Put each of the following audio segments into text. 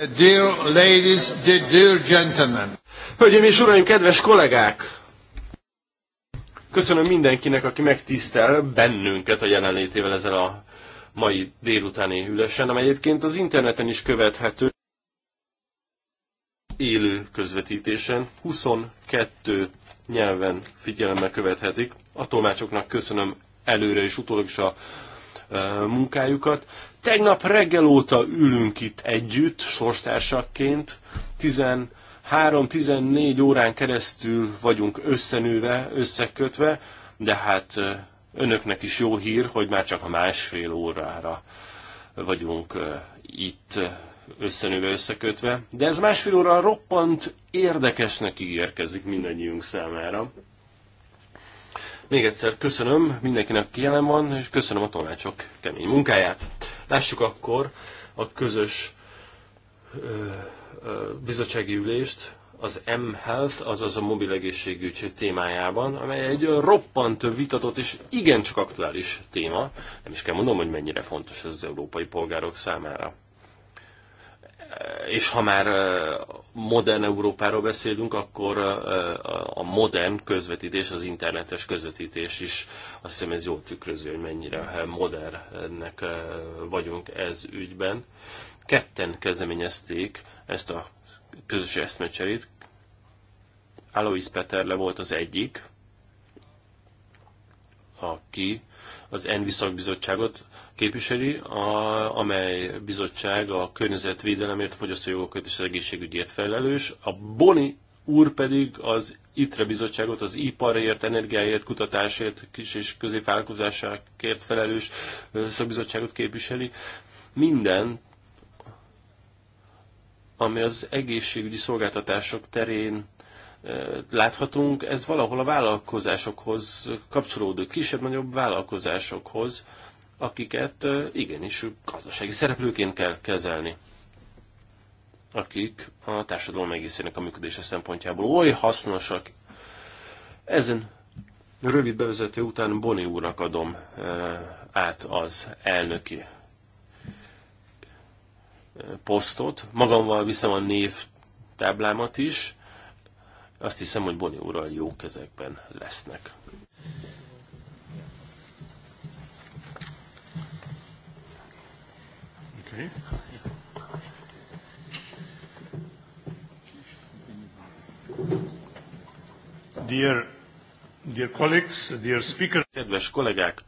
Dear ladies, dear gentlemen. Hölgyeim és uraim, kedves kollégák! Köszönöm mindenkinek, aki megtisztel bennünket a jelenlétével ezzel a mai délutáni ülésen, amely egyébként az interneten is követhető élő közvetítésen 22 nyelven figyelemmel követhetik. A tolmácsoknak köszönöm előre és utólag is a munkájukat. Tegnap reggel óta ülünk itt együtt, sorstársakként, 13-14 órán keresztül vagyunk összenőve, összekötve, de hát önöknek is jó hír, hogy már csak a másfél órára vagyunk itt összenőve, összekötve. De ez másfél óra roppant érdekesnek ígérkezik mindannyiunk számára. Még egyszer köszönöm mindenkinek, aki jelen van, és köszönöm a tolmácsok kemény munkáját. Lássuk akkor a közös bizottsági ülést az M-Health, azaz a mobil egészségügy témájában, amely egy roppant vitatott és igencsak aktuális téma. Nem is kell mondom, hogy mennyire fontos ez az európai polgárok számára és ha már modern Európáról beszélünk, akkor a modern közvetítés, az internetes közvetítés is, azt hiszem ez jól tükrözi, hogy mennyire modernnek vagyunk ez ügyben. Ketten kezdeményezték ezt a közös eszmecserét. Alois Peterle volt az egyik, aki az ENVI szakbizottságot képviseli, a, amely bizottság a környezetvédelemért, a fogyasztójogokért és az egészségügyért felelős. A Boni úr pedig az ITRE bizottságot az iparért, energiáért, kutatásért, kis és középvállalkozásákért felelős szakbizottságot képviseli. Minden, ami az egészségügyi szolgáltatások terén láthatunk, ez valahol a vállalkozásokhoz kapcsolódó, kisebb-nagyobb vállalkozásokhoz akiket igenis gazdasági szereplőként kell kezelni akik a társadalom egészének a működése szempontjából oly hasznosak. Ezen rövid bevezető után Boni úrnak adom át az elnöki posztot. Magammal viszem a név táblámat is. Azt hiszem, hogy Boni úrral jó kezekben lesznek. Okay. Dear, dear colleagues, dear speaker. Kedves kollégák,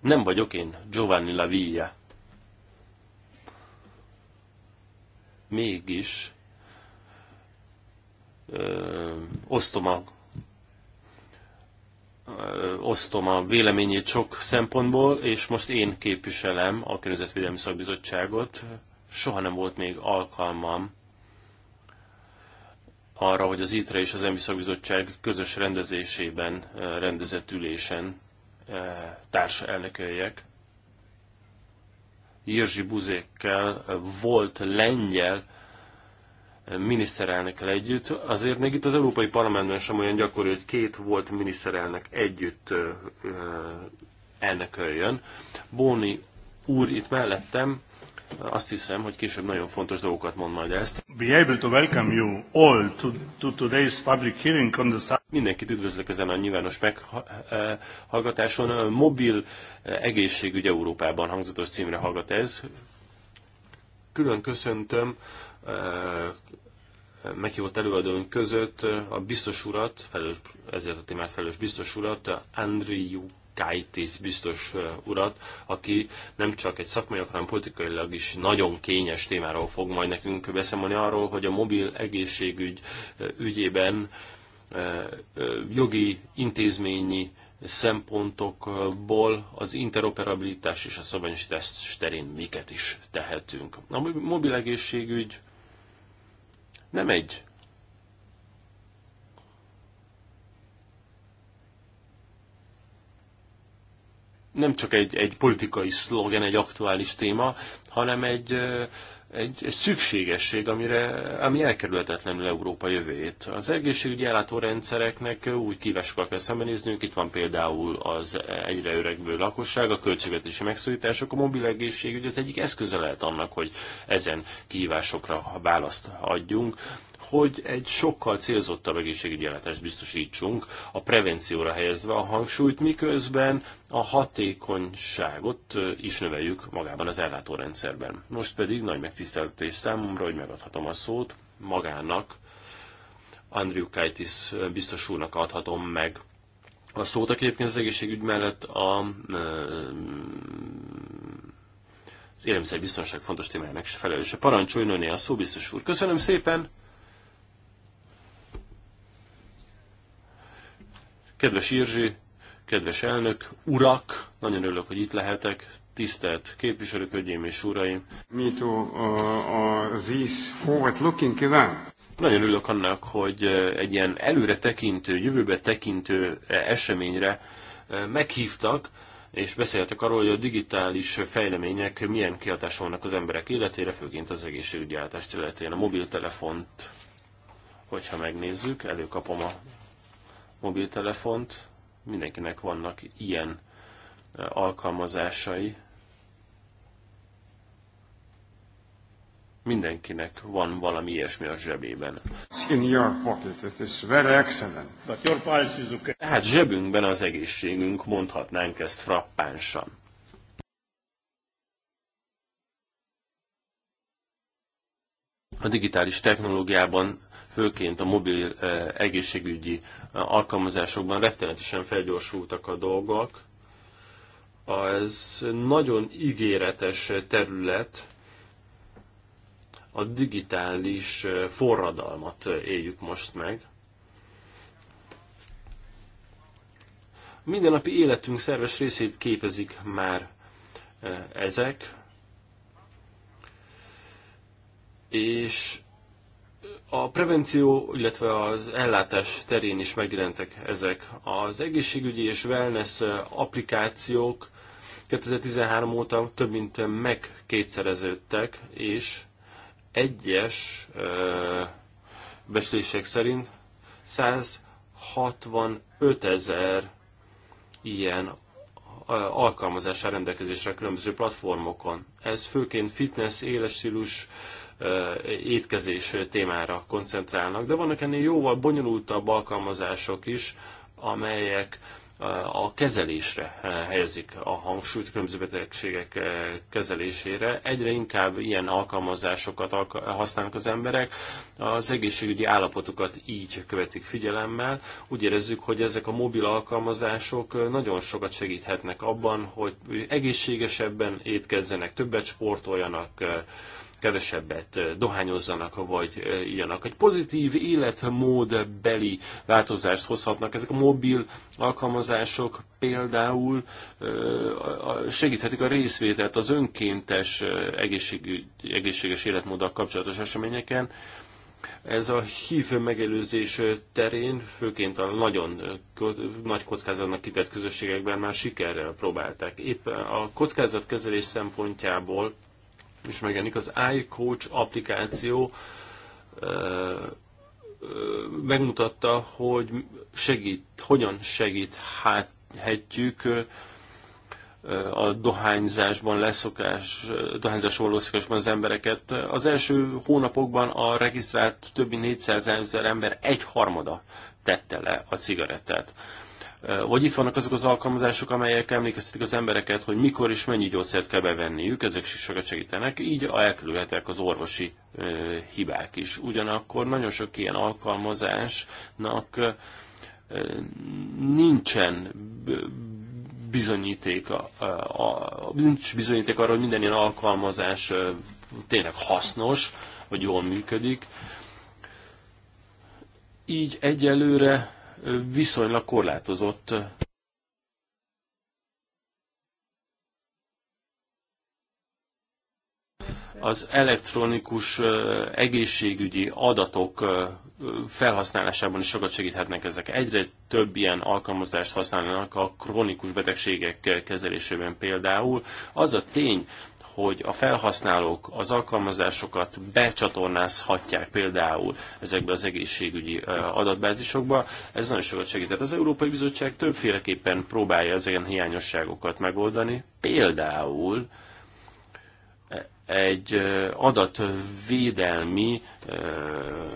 nem vagyok én Giovanni Lavilla. Mégis ö, osztom a osztom a véleményét sok szempontból, és most én képviselem a Környezetvédelmi Szakbizottságot. Soha nem volt még alkalmam arra, hogy az ITRE és az embi Szakbizottság közös rendezésében, rendezett ülésen társa elnököljek. Jirzsi Buzékkel volt lengyel miniszterelnökkel együtt. Azért még itt az Európai Parlamentben sem olyan gyakori, hogy két volt miniszterelnök együtt elnököljön. Bóni úr itt mellettem, azt hiszem, hogy később nagyon fontos dolgokat mond majd ezt. Be able to welcome you all to, to today's public hearing on the Mindenkit üdvözlök ezen a nyilvános meghallgatáson. Mobil eh, egészségügy Európában hangzatos címre hallgat ez. Külön köszöntöm Eh, meghívott előadónk között eh, a biztos urat, felős, ezért a témát felelős biztos urat, Andriu Kaitis biztos eh, urat, aki nem csak egy szakmai, hanem politikailag is nagyon kényes témáról fog majd nekünk beszélni arról, hogy a mobil egészségügy ügyében jogi, intézményi szempontokból az interoperabilitás és a szabványosítás terén miket is tehetünk. A mobil egészségügy nem egy nem csak egy, egy politikai szlogen, egy aktuális téma, hanem egy egy, egy szükségesség, amire, ami elkerülhetetlenül Európa jövőjét. Az egészségügyi ellátórendszereknek úgy kívásokkal kell szembenéznünk, itt van például az egyre öregvő lakosság, a költségvetési megszorítások, a mobil egészségügy az egyik eszköze lehet annak, hogy ezen kívásokra választ adjunk hogy egy sokkal célzottabb egészségügyi ellátást biztosítsunk, a prevencióra helyezve a hangsúlyt, miközben a hatékonyságot is növeljük magában az ellátórendszerben. Most pedig nagy megtiszteltetés számomra, hogy megadhatom a szót magának, Andrew Kaitis biztos úrnak adhatom meg a szót, aki egyébként az egészségügy mellett a, az élelmiszerbiztonság fontos témájának felelőse. Parancsoljon öné a szó, biztos úr. Köszönöm szépen! Kedves Irzsi, kedves elnök, urak, nagyon örülök, hogy itt lehetek, tisztelt képviselők, hölgyeim és uraim. Me uh, a a, this forward-looking event. Nagyon örülök annak, hogy uh, egy ilyen előre tekintő, jövőbe tekintő uh, eseményre meghívtak, és beszéltek arról, hogy a digitális fejlemények milyen kihatással vannak az emberek életére, főként az egészségügyi átás területén. A mobiltelefont, hogyha megnézzük, előkapom a mobiltelefont, mindenkinek vannak ilyen alkalmazásai, mindenkinek van valami ilyesmi a zsebében. In your pocket, it is very excellent. But your pulse is okay. Tehát zsebünkben az egészségünk, mondhatnánk ezt frappánsan. A digitális technológiában főként a mobil eh, egészségügyi eh, alkalmazásokban rettenetesen felgyorsultak a dolgok. Ez nagyon ígéretes terület, a digitális eh, forradalmat éljük most meg. Mindennapi életünk szerves részét képezik már ezek, és a prevenció, illetve az ellátás terén is megjelentek ezek. Az egészségügyi és wellness applikációk 2013 óta több mint megkétszereződtek, és egyes beszélések szerint 165 ezer ilyen alkalmazására rendelkezésre különböző platformokon. Ez főként fitness, élesstílus, étkezés témára koncentrálnak, de vannak ennél jóval bonyolultabb alkalmazások is, amelyek a kezelésre helyezik a hangsúlyt, különböző betegségek eh, kezelésére. Egyre inkább ilyen alkalmazásokat használnak az emberek, az egészségügyi állapotukat így követik figyelemmel. Úgy érezzük, hogy ezek a mobil alkalmazások eh, nagyon sokat segíthetnek abban, hogy egészségesebben étkezzenek, többet sportoljanak, eh, kevesebbet dohányozzanak, vagy ilyenek. Egy pozitív életmódbeli változást hozhatnak. Ezek a mobil alkalmazások például segíthetik a részvételt az önkéntes egészséges életmóddal kapcsolatos eseményeken. Ez a HIV megelőzés terén, főként a nagyon nagy kockázatnak kitett közösségekben már sikerrel próbálták. Épp a kockázatkezelés szempontjából is megjelenik az iCoach applikáció, megmutatta, hogy segít, hogyan segíthetjük a dohányzásban leszokás, dohányzás leszokásban az embereket. Az első hónapokban a regisztrált többi 400 ezer ember egy harmada tette le a cigarettát. Vagy itt vannak azok az alkalmazások, amelyek emlékeztetik az embereket, hogy mikor és mennyi gyógyszert kell bevenniük, ezek sokat segítenek, így elkerülhetek az orvosi hibák is. Ugyanakkor nagyon sok ilyen alkalmazásnak nincsen bizonyíték, a, a, nincs bizonyíték arra, hogy minden ilyen alkalmazás tényleg hasznos, vagy jól működik. Így egyelőre viszonylag korlátozott az elektronikus egészségügyi adatok felhasználásában is sokat segíthetnek ezek. Egyre több ilyen alkalmazást használnak a krónikus betegségek kezelésében például. Az a tény, hogy a felhasználók az alkalmazásokat becsatornázhatják például ezekbe az egészségügyi adatbázisokba. Ez nagyon sokat segített. Az Európai Bizottság többféleképpen próbálja ezeken hiányosságokat megoldani, például egy adatvédelmi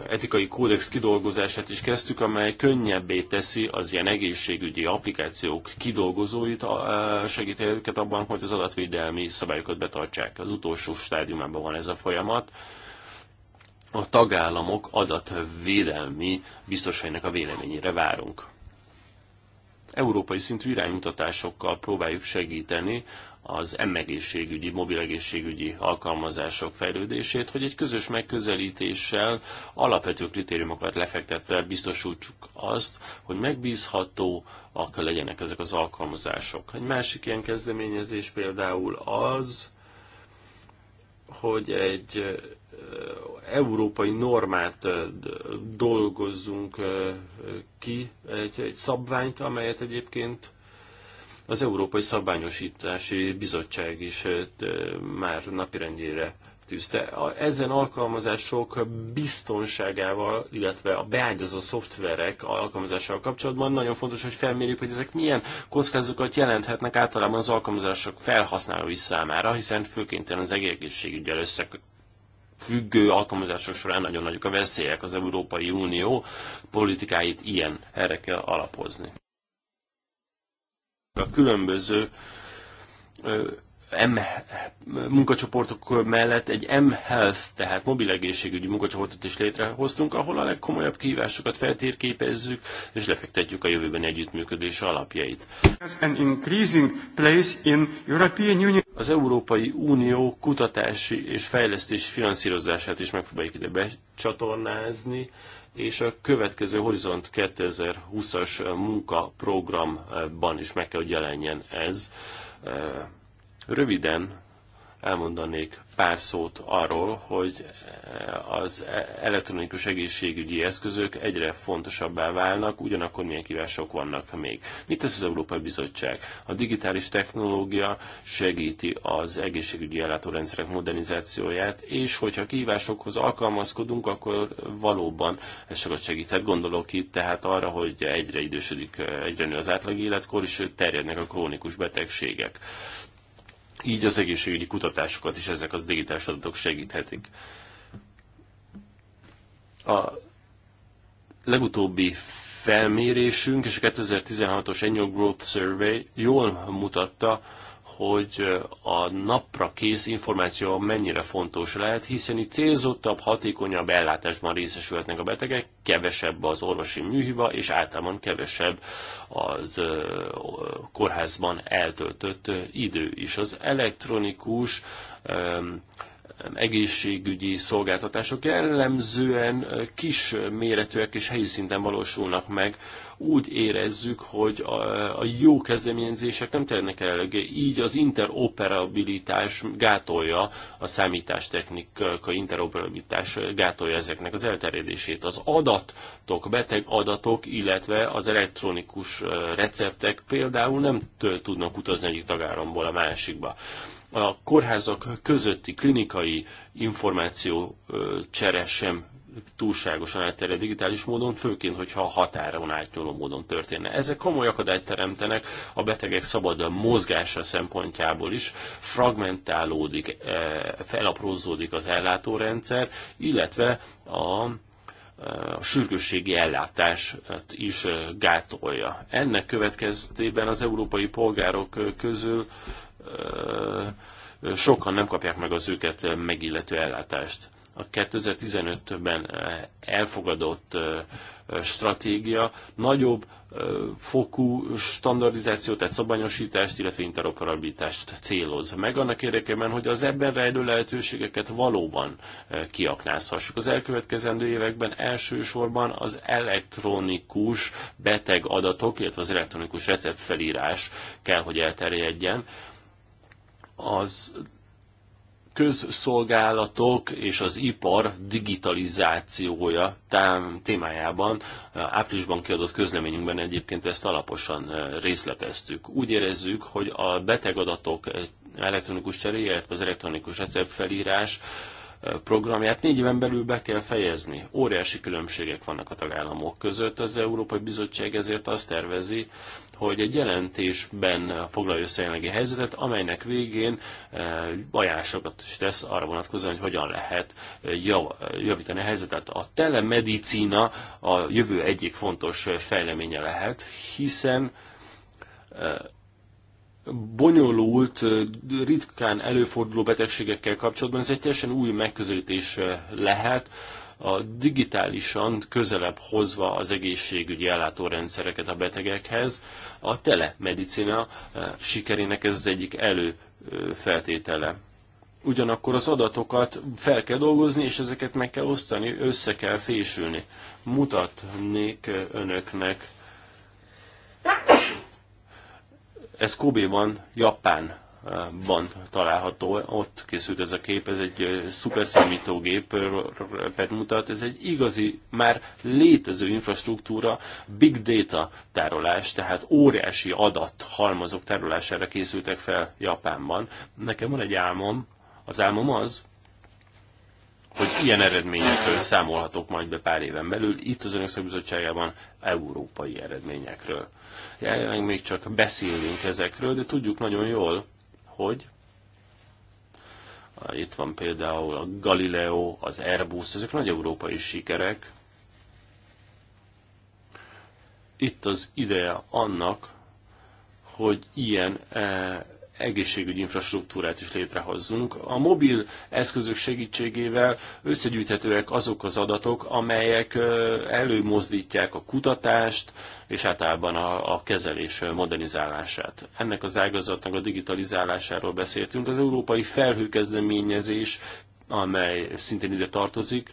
etikai kódex kidolgozását is kezdtük, amely könnyebbé teszi az ilyen egészségügyi applikációk kidolgozóit, segíti őket abban, hogy az adatvédelmi szabályokat betartsák. Az utolsó stádiumában van ez a folyamat. A tagállamok adatvédelmi biztosainak a véleményére várunk európai szintű iránymutatásokkal próbáljuk segíteni az emegészségügyi, mobilegészségügyi alkalmazások fejlődését, hogy egy közös megközelítéssel alapvető kritériumokat lefektetve biztosítsuk azt, hogy akkor legyenek ezek az alkalmazások. Egy másik ilyen kezdeményezés például az, hogy egy európai normát dolgozzunk ki, egy, egy szabványt, amelyet egyébként az Európai Szabványosítási Bizottság is már napirendjére tűzte. Ezen alkalmazások biztonságával, illetve a beágyazott szoftverek alkalmazásával kapcsolatban nagyon fontos, hogy felmérjük, hogy ezek milyen kockázatokat jelenthetnek általában az alkalmazások felhasználói számára, hiszen főként az egészségügyel össze függő alkalmazások során nagyon nagyok a veszélyek. Az Európai Unió politikáit ilyen erre kell alapozni a különböző M munkacsoportok mellett egy M-Health, tehát mobil egészségügyi munkacsoportot is létrehoztunk, ahol a legkomolyabb kihívásokat feltérképezzük és lefektetjük a jövőben együttműködés alapjait. Az Európai Unió kutatási és fejlesztési finanszírozását is megpróbáljuk ide becsatornázni, és a következő Horizont 2020-as munkaprogramban is meg kell, hogy jelenjen ez. Röviden elmondanék pár szót arról, hogy eh, az elektronikus egészségügyi eszközök egyre fontosabbá válnak, ugyanakkor milyen kívások vannak még. Mit tesz az Európai Bizottság? A digitális technológia segíti az egészségügyi ellátórendszerek modernizációját, és hogyha kihívásokhoz alkalmazkodunk, akkor valóban ez sokat segíthet. Gondolok itt tehát arra, hogy egyre idősödik, eh, egyre nő az átlag életkor, és terjednek a krónikus betegségek. Így az egészségügyi kutatásokat is ezek az digitális adatok segíthetik. A legutóbbi felmérésünk és a 2016-os Annual Growth Survey jól mutatta, hogy a napra kész információ mennyire fontos lehet, hiszen itt célzottabb, hatékonyabb ellátásban részesülhetnek a betegek, kevesebb az orvosi műhiba, és általában kevesebb az kórházban eltöltött idő is. Az elektronikus egészségügyi szolgáltatások jellemzően kis méretűek és helyi szinten valósulnak meg. Úgy érezzük, hogy a, a jó kezdeményezések nem terjednek el eléggé, így az interoperabilitás gátolja a számítástechnika interoperabilitás gátolja ezeknek az elterjedését. Az adatok, beteg adatok, illetve az elektronikus receptek például nem tudnak utazni egyik tagállamból a másikba a kórházak közötti klinikai információ csere sem túlságosan elterjed digitális módon, főként, hogyha a határon átnyúló módon történne. Ezek komoly akadályt teremtenek a betegek szabad mozgása szempontjából is, fragmentálódik, e, felaprózódik az ellátórendszer, illetve a e, a sürgősségi ellátást is e, gátolja. Ennek következtében az európai polgárok közül sokan nem kapják meg az őket megillető ellátást. A 2015-ben elfogadott stratégia nagyobb fokú standardizációt, tehát szabványosítást, illetve interoperabilitást céloz meg annak érdekében, hogy az ebben rejlő lehetőségeket valóban kiaknázhassuk. Az elkövetkezendő években elsősorban az elektronikus beteg adatok, illetve az elektronikus receptfelírás kell, hogy elterjedjen az közszolgálatok és az ipar digitalizációja tám, témájában áprilisban kiadott közleményünkben egyébként ezt alaposan részleteztük. Úgy érezzük, hogy a betegadatok elektronikus cseréje, illetve az elektronikus receptfelírás felírás programját négy éven belül be kell fejezni. Óriási különbségek vannak a tagállamok között. Az Európai Bizottság ezért azt tervezi, hogy egy jelentésben foglalja össze jelenlegi helyzetet, amelynek végén eh, ajánlásokat is tesz arra vonatkozóan, hogy hogyan lehet eh, javítani a helyzetet. A telemedicína a jövő egyik fontos eh, fejleménye lehet, hiszen bonyolult, ritkán előforduló betegségekkel kapcsolatban ez egy teljesen új megközelítés lehet, a digitálisan közelebb hozva az egészségügyi ellátórendszereket a betegekhez. A telemedicina sikerének ez az egyik előfeltétele. Ugyanakkor az adatokat fel kell dolgozni, és ezeket meg kell osztani, össze kell fésülni. Mutatnék önöknek Ez Kobe-ban, Japánban található, ott készült ez a kép, ez egy szuper számítógépet mutat, ez egy igazi, már létező infrastruktúra, big data tárolás, tehát óriási adat halmazok tárolására készültek fel Japánban. Nekem van egy álmom, az álmom az, hogy ilyen eredményekről számolhatok majd be pár éven belül, itt az Önök Szakbizottságában európai eredményekről. Jelenleg még csak beszélünk ezekről, de tudjuk nagyon jól, hogy itt van például a Galileo, az Airbus, ezek nagy európai sikerek. Itt az ideje annak, hogy ilyen eh, egészségügyi infrastruktúrát is létrehozzunk. A mobil eszközök segítségével összegyűjthetőek azok az adatok, amelyek előmozdítják a kutatást és általában a, a kezelés modernizálását. Ennek az ágazatnak a digitalizálásáról beszéltünk. Az európai felhőkezdeményezés amely szintén ide tartozik,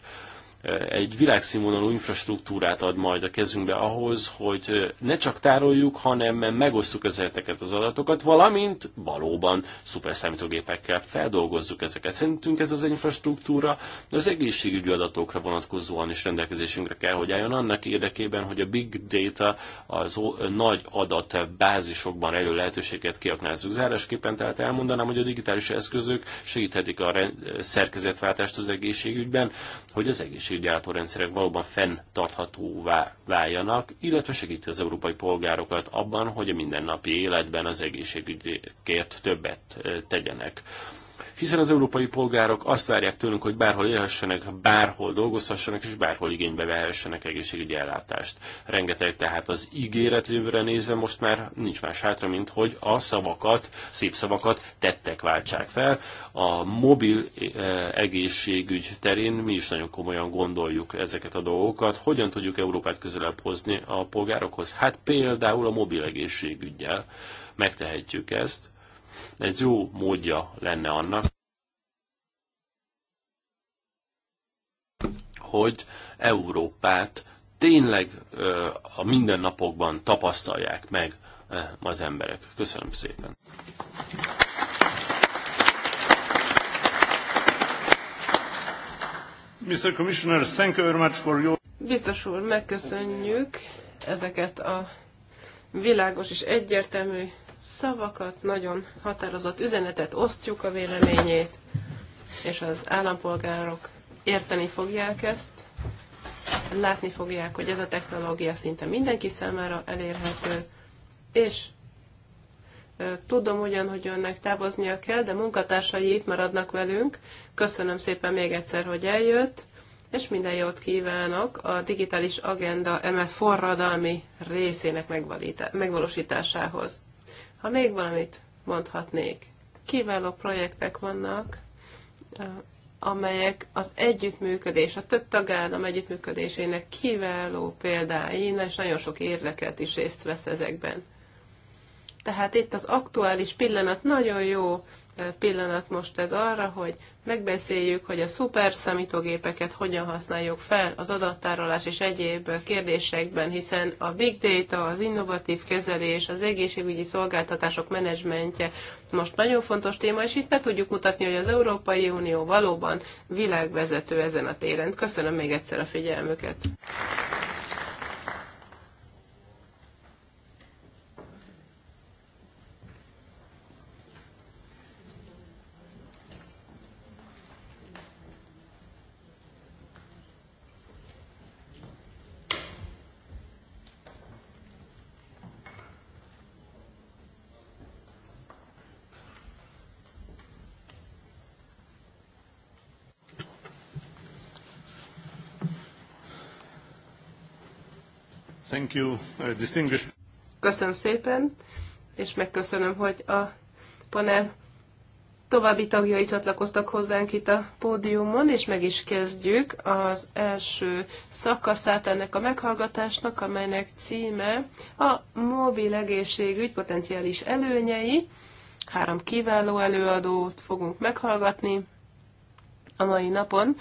egy világszínvonalú infrastruktúrát ad majd a kezünkbe ahhoz, hogy ne csak tároljuk, hanem megosztjuk ezeket az adatokat, valamint valóban szuper számítógépekkel feldolgozzuk ezeket. Szerintünk ez az infrastruktúra az egészségügyi adatokra vonatkozóan is rendelkezésünkre kell, hogy álljon annak érdekében, hogy a big data az nagy adatbázisokban elő lehetőséget kiaknázzuk. Zárásképpen tehát elmondanám, hogy a digitális eszközök segíthetik a szerkezetváltást az egészségügyben, hogy az egészség felülgyártórendszerek valóban fenntarthatóvá váljanak, illetve segíti az európai polgárokat abban, hogy a mindennapi életben az egészségügyért többet eh, tegyenek hiszen az európai polgárok azt várják tőlünk, hogy bárhol élhessenek, bárhol dolgozhassanak, és bárhol igénybe vehessenek egészségügyi ellátást. Rengeteg tehát az ígéret jövőre nézve most már nincs más hátra, mint hogy a szavakat, szép szavakat tettek váltsák fel. A mobil e, egészségügy terén mi is nagyon komolyan gondoljuk ezeket a dolgokat. Hogyan tudjuk Európát közelebb hozni a polgárokhoz? Hát például a mobil egészségügyel megtehetjük ezt ez jó módja lenne annak, hogy Európát tényleg a mindennapokban tapasztalják meg az emberek. Köszönöm szépen! Mr. Commissioner, thank you very much for your... Biztos úr, megköszönjük ezeket a világos és egyértelmű szavakat, nagyon határozott üzenetet, osztjuk a véleményét, és az állampolgárok érteni fogják ezt, látni fogják, hogy ez a technológia szinte mindenki számára elérhető, és Tudom ugyan, hogy önnek távoznia kell, de munkatársai itt maradnak velünk. Köszönöm szépen még egyszer, hogy eljött, és minden jót kívánok a digitális agenda eme forradalmi részének megvalósításához. Ha még valamit mondhatnék, kiváló projektek vannak, amelyek az együttműködés, a több tagállam együttműködésének kiváló példái, és nagyon sok érdeket is részt vesz ezekben. Tehát itt az aktuális pillanat nagyon jó pillanat most ez arra, hogy megbeszéljük, hogy a szuper számítógépeket hogyan használjuk fel az adattárolás és egyéb kérdésekben, hiszen a big data, az innovatív kezelés, az egészségügyi szolgáltatások menedzsmentje most nagyon fontos téma, és itt be tudjuk mutatni, hogy az Európai Unió valóban világvezető ezen a téren. Köszönöm még egyszer a figyelmüket. Thank you, uh, distinguished. Köszönöm szépen, és megköszönöm, hogy a panel további tagjai csatlakoztak hozzánk itt a pódiumon, és meg is kezdjük az első szakaszát ennek a meghallgatásnak, amelynek címe a mobil egészségügy potenciális előnyei. Három kiváló előadót fogunk meghallgatni a mai napon,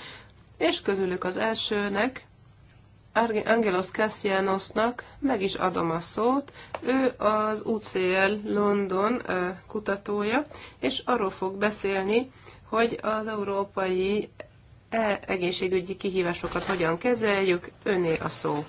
és közülük az elsőnek Angelos Cassianosnak meg is adom a szót. Ő az UCL London kutatója, és arról fog beszélni, hogy az európai e egészségügyi kihívásokat hogyan kezeljük. Öné a szó.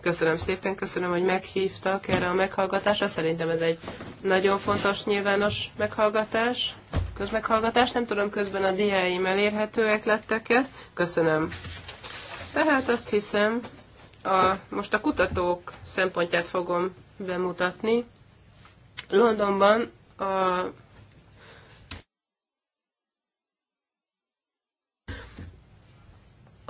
Köszönöm szépen, köszönöm, hogy meghívtak erre a meghallgatásra. Szerintem ez egy nagyon fontos nyilvános meghallgatás közmeghallgatást. Nem tudom, közben a diáim elérhetőek lettek-e. Köszönöm. Tehát azt hiszem, a, most a kutatók szempontját fogom bemutatni. Londonban a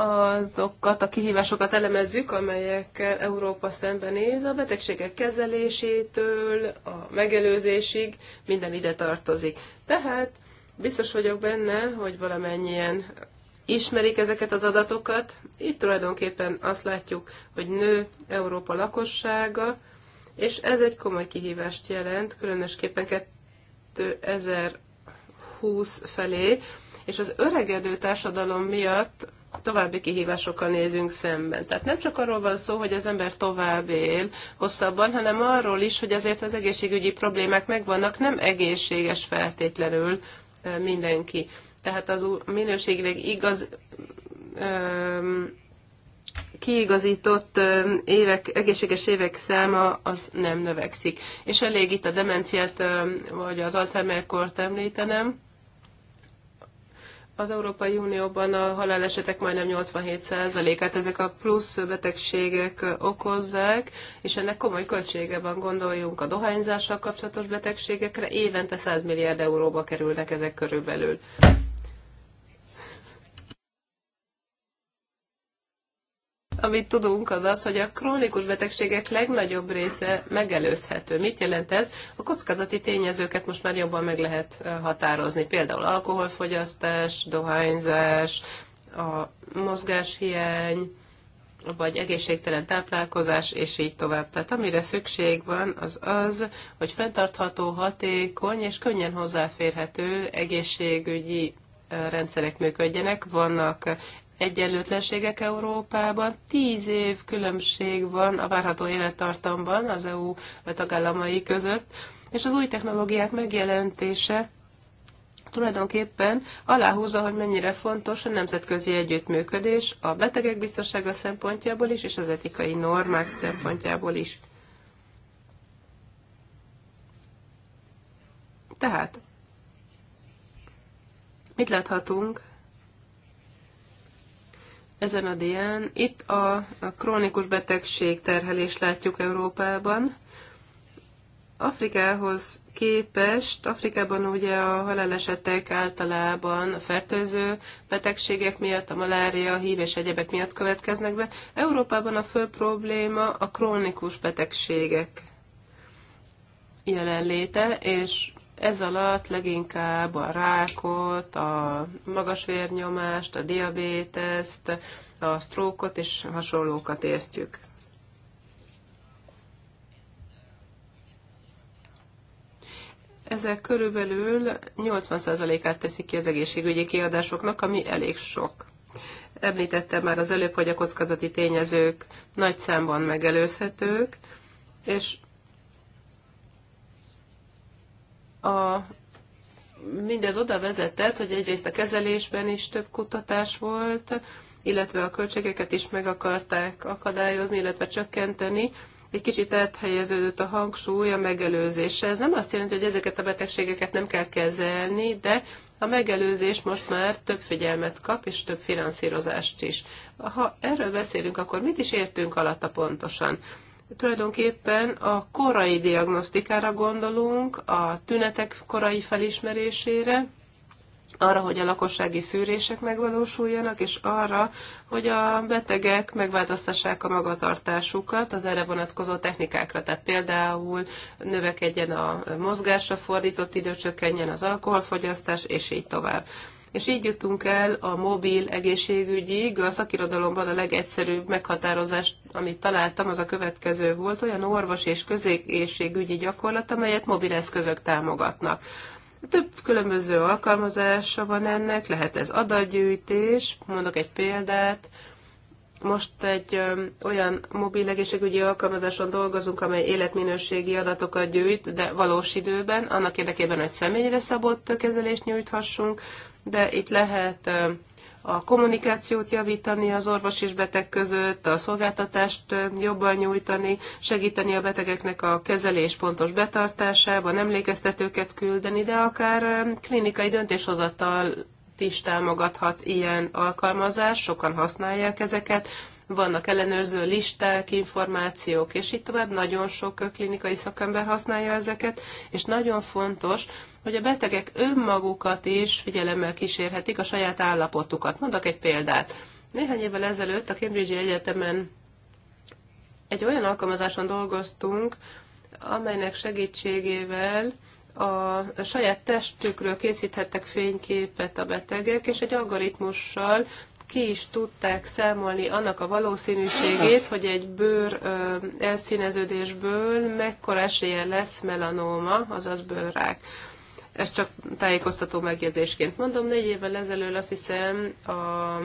azokat a kihívásokat elemezzük, amelyekkel Európa szembenéz, a betegségek kezelésétől, a megelőzésig, minden ide tartozik. Tehát biztos vagyok benne, hogy valamennyien ismerik ezeket az adatokat. Itt tulajdonképpen azt látjuk, hogy nő Európa lakossága, és ez egy komoly kihívást jelent, különösképpen 2020 felé, és az öregedő társadalom miatt további kihívásokkal nézünk szemben. Tehát nem csak arról van szó, hogy az ember tovább él hosszabban, hanem arról is, hogy azért az egészségügyi problémák megvannak, nem egészséges feltétlenül mindenki. Tehát az minőségileg igaz, kiigazított évek, egészséges évek száma az nem növekszik. És elég itt a demenciát vagy az Alzheimer-kort említenem, az Európai Unióban a halálesetek majdnem 87%-át ezek a plusz betegségek okozzák, és ennek komoly költsége van, gondoljunk a dohányzással kapcsolatos betegségekre, évente 100 milliárd euróba kerülnek ezek körülbelül. amit tudunk, az az, hogy a krónikus betegségek legnagyobb része megelőzhető. Mit jelent ez? A kockázati tényezőket most már jobban meg lehet határozni. Például alkoholfogyasztás, dohányzás, a mozgáshiány, vagy egészségtelen táplálkozás, és így tovább. Tehát amire szükség van, az az, hogy fenntartható, hatékony és könnyen hozzáférhető egészségügyi rendszerek működjenek. Vannak egyenlőtlenségek Európában. Tíz év különbség van a várható élettartamban az EU tagállamai között, és az új technológiák megjelentése tulajdonképpen aláhúzza, hogy mennyire fontos a nemzetközi együttműködés a betegek biztonsága szempontjából is, és az etikai normák szempontjából is. Tehát, mit láthatunk ezen a dián. Itt a, a krónikus betegség terhelés látjuk Európában. Afrikához képest, Afrikában ugye a halálesetek általában a fertőző betegségek miatt, a malária, a hív és egyebek miatt következnek be. Európában a fő probléma a krónikus betegségek jelenléte, és ez alatt leginkább a rákot, a magas vérnyomást, a diabéteszt, a sztrókot és hasonlókat értjük. Ezek körülbelül 80%-át teszik ki az egészségügyi kiadásoknak, ami elég sok. Említettem már az előbb, hogy a kockázati tényezők nagy számban megelőzhetők, és a, mindez oda vezetett, hogy egyrészt a kezelésben is több kutatás volt, illetve a költségeket is meg akarták akadályozni, illetve csökkenteni, egy kicsit áthelyeződött a hangsúly a megelőzésre. Ez nem azt jelenti, hogy ezeket a betegségeket nem kell kezelni, de a megelőzés most már több figyelmet kap, és több finanszírozást is. Ha erről beszélünk, akkor mit is értünk alatta pontosan? tulajdonképpen a korai diagnosztikára gondolunk, a tünetek korai felismerésére, arra, hogy a lakossági szűrések megvalósuljanak, és arra, hogy a betegek megváltoztassák a magatartásukat az erre vonatkozó technikákra. Tehát például növekedjen a mozgásra fordított idő, csökkenjen az alkoholfogyasztás, és így tovább és így jutunk el a mobil egészségügyig. A szakirodalomban a legegyszerűbb meghatározást, amit találtam, az a következő volt, olyan orvos és közégészségügyi gyakorlat, amelyet mobil eszközök támogatnak. Több különböző alkalmazása van ennek, lehet ez adatgyűjtés, mondok egy példát, most egy ö, olyan mobil egészségügyi alkalmazáson dolgozunk, amely életminőségi adatokat gyűjt, de valós időben, annak érdekében, hogy személyre szabott kezelést nyújthassunk de itt lehet a kommunikációt javítani az orvos és beteg között, a szolgáltatást jobban nyújtani, segíteni a betegeknek a kezelés pontos betartásában, emlékeztetőket küldeni, de akár klinikai döntéshozatal is támogathat ilyen alkalmazás, sokan használják ezeket, vannak ellenőrző listák, információk, és itt tovább nagyon sok klinikai szakember használja ezeket, és nagyon fontos, hogy a betegek önmagukat is figyelemmel kísérhetik a saját állapotukat. Mondok egy példát. Néhány évvel ezelőtt a Cambridge Egyetemen egy olyan alkalmazáson dolgoztunk, amelynek segítségével a saját testükről készíthettek fényképet a betegek, és egy algoritmussal ki is tudták számolni annak a valószínűségét, hogy egy bőr ö, elszíneződésből mekkora esélye lesz melanóma, azaz bőrrák. Ezt csak tájékoztató megjegyzésként mondom. Négy évvel ezelőtt azt hiszem a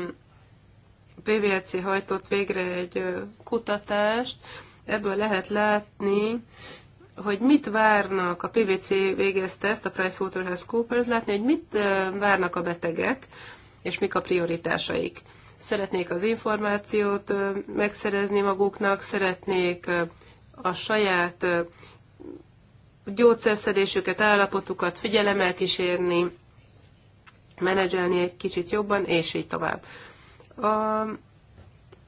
PVC hajtott végre egy kutatást, ebből lehet látni, hogy mit várnak, a PVC végezte ezt, a PricewaterhouseCoopers, látni, hogy mit várnak a betegek, és mik a prioritásaik. Szeretnék az információt megszerezni maguknak, szeretnék a saját gyógyszerszedésüket, állapotukat figyelemmel kísérni, menedzselni egy kicsit jobban, és így tovább. A,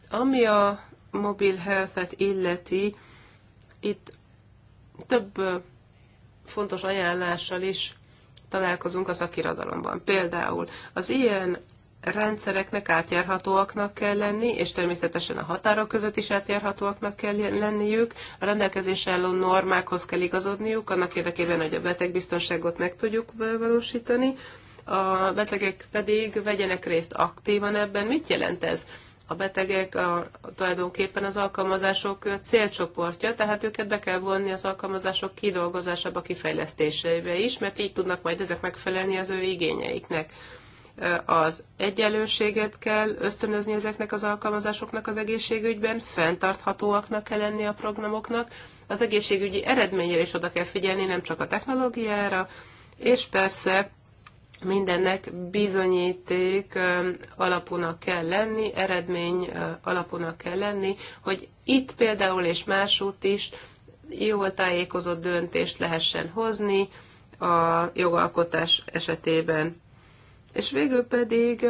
ami a mobil health-et illeti, itt több fontos ajánlással is találkozunk az akiradalomban. Például az ilyen rendszereknek átjárhatóaknak kell lenni, és természetesen a határok között is átjárhatóaknak kell lenniük, a rendelkezés álló normákhoz kell igazodniuk, annak érdekében, hogy a betegbiztonságot meg tudjuk valósítani, a betegek pedig vegyenek részt aktívan ebben. Mit jelent ez? A betegek a, tulajdonképpen az alkalmazások célcsoportja, tehát őket be kell vonni az alkalmazások kidolgozásába, kifejlesztéseibe is, mert így tudnak majd ezek megfelelni az ő igényeiknek az egyenlőséget kell ösztönözni ezeknek az alkalmazásoknak az egészségügyben, fenntarthatóaknak kell lenni a programoknak, az egészségügyi eredményre is oda kell figyelni, nem csak a technológiára, és persze mindennek bizonyíték um, alapúnak kell lenni, eredmény uh, alapúnak kell lenni, hogy itt például és másút is jól tájékozott döntést lehessen hozni a jogalkotás esetében. És végül pedig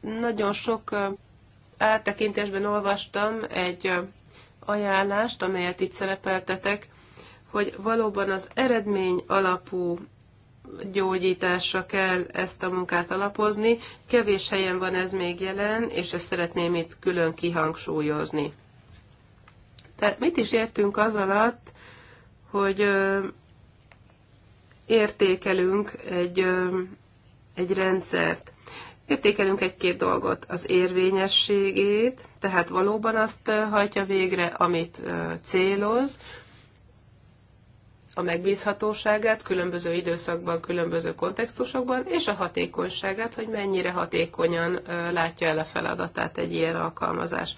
nagyon sok áttekintésben olvastam egy ajánlást, amelyet itt szerepeltetek, hogy valóban az eredmény alapú gyógyításra kell ezt a munkát alapozni. Kevés helyen van ez még jelen, és ezt szeretném itt külön kihangsúlyozni. Tehát mit is értünk az alatt, hogy értékelünk egy egy rendszert. Értékelünk egy-két dolgot, az érvényességét, tehát valóban azt hajtja végre, amit céloz, a megbízhatóságát különböző időszakban, különböző kontextusokban, és a hatékonyságát, hogy mennyire hatékonyan látja el a feladatát egy ilyen alkalmazás.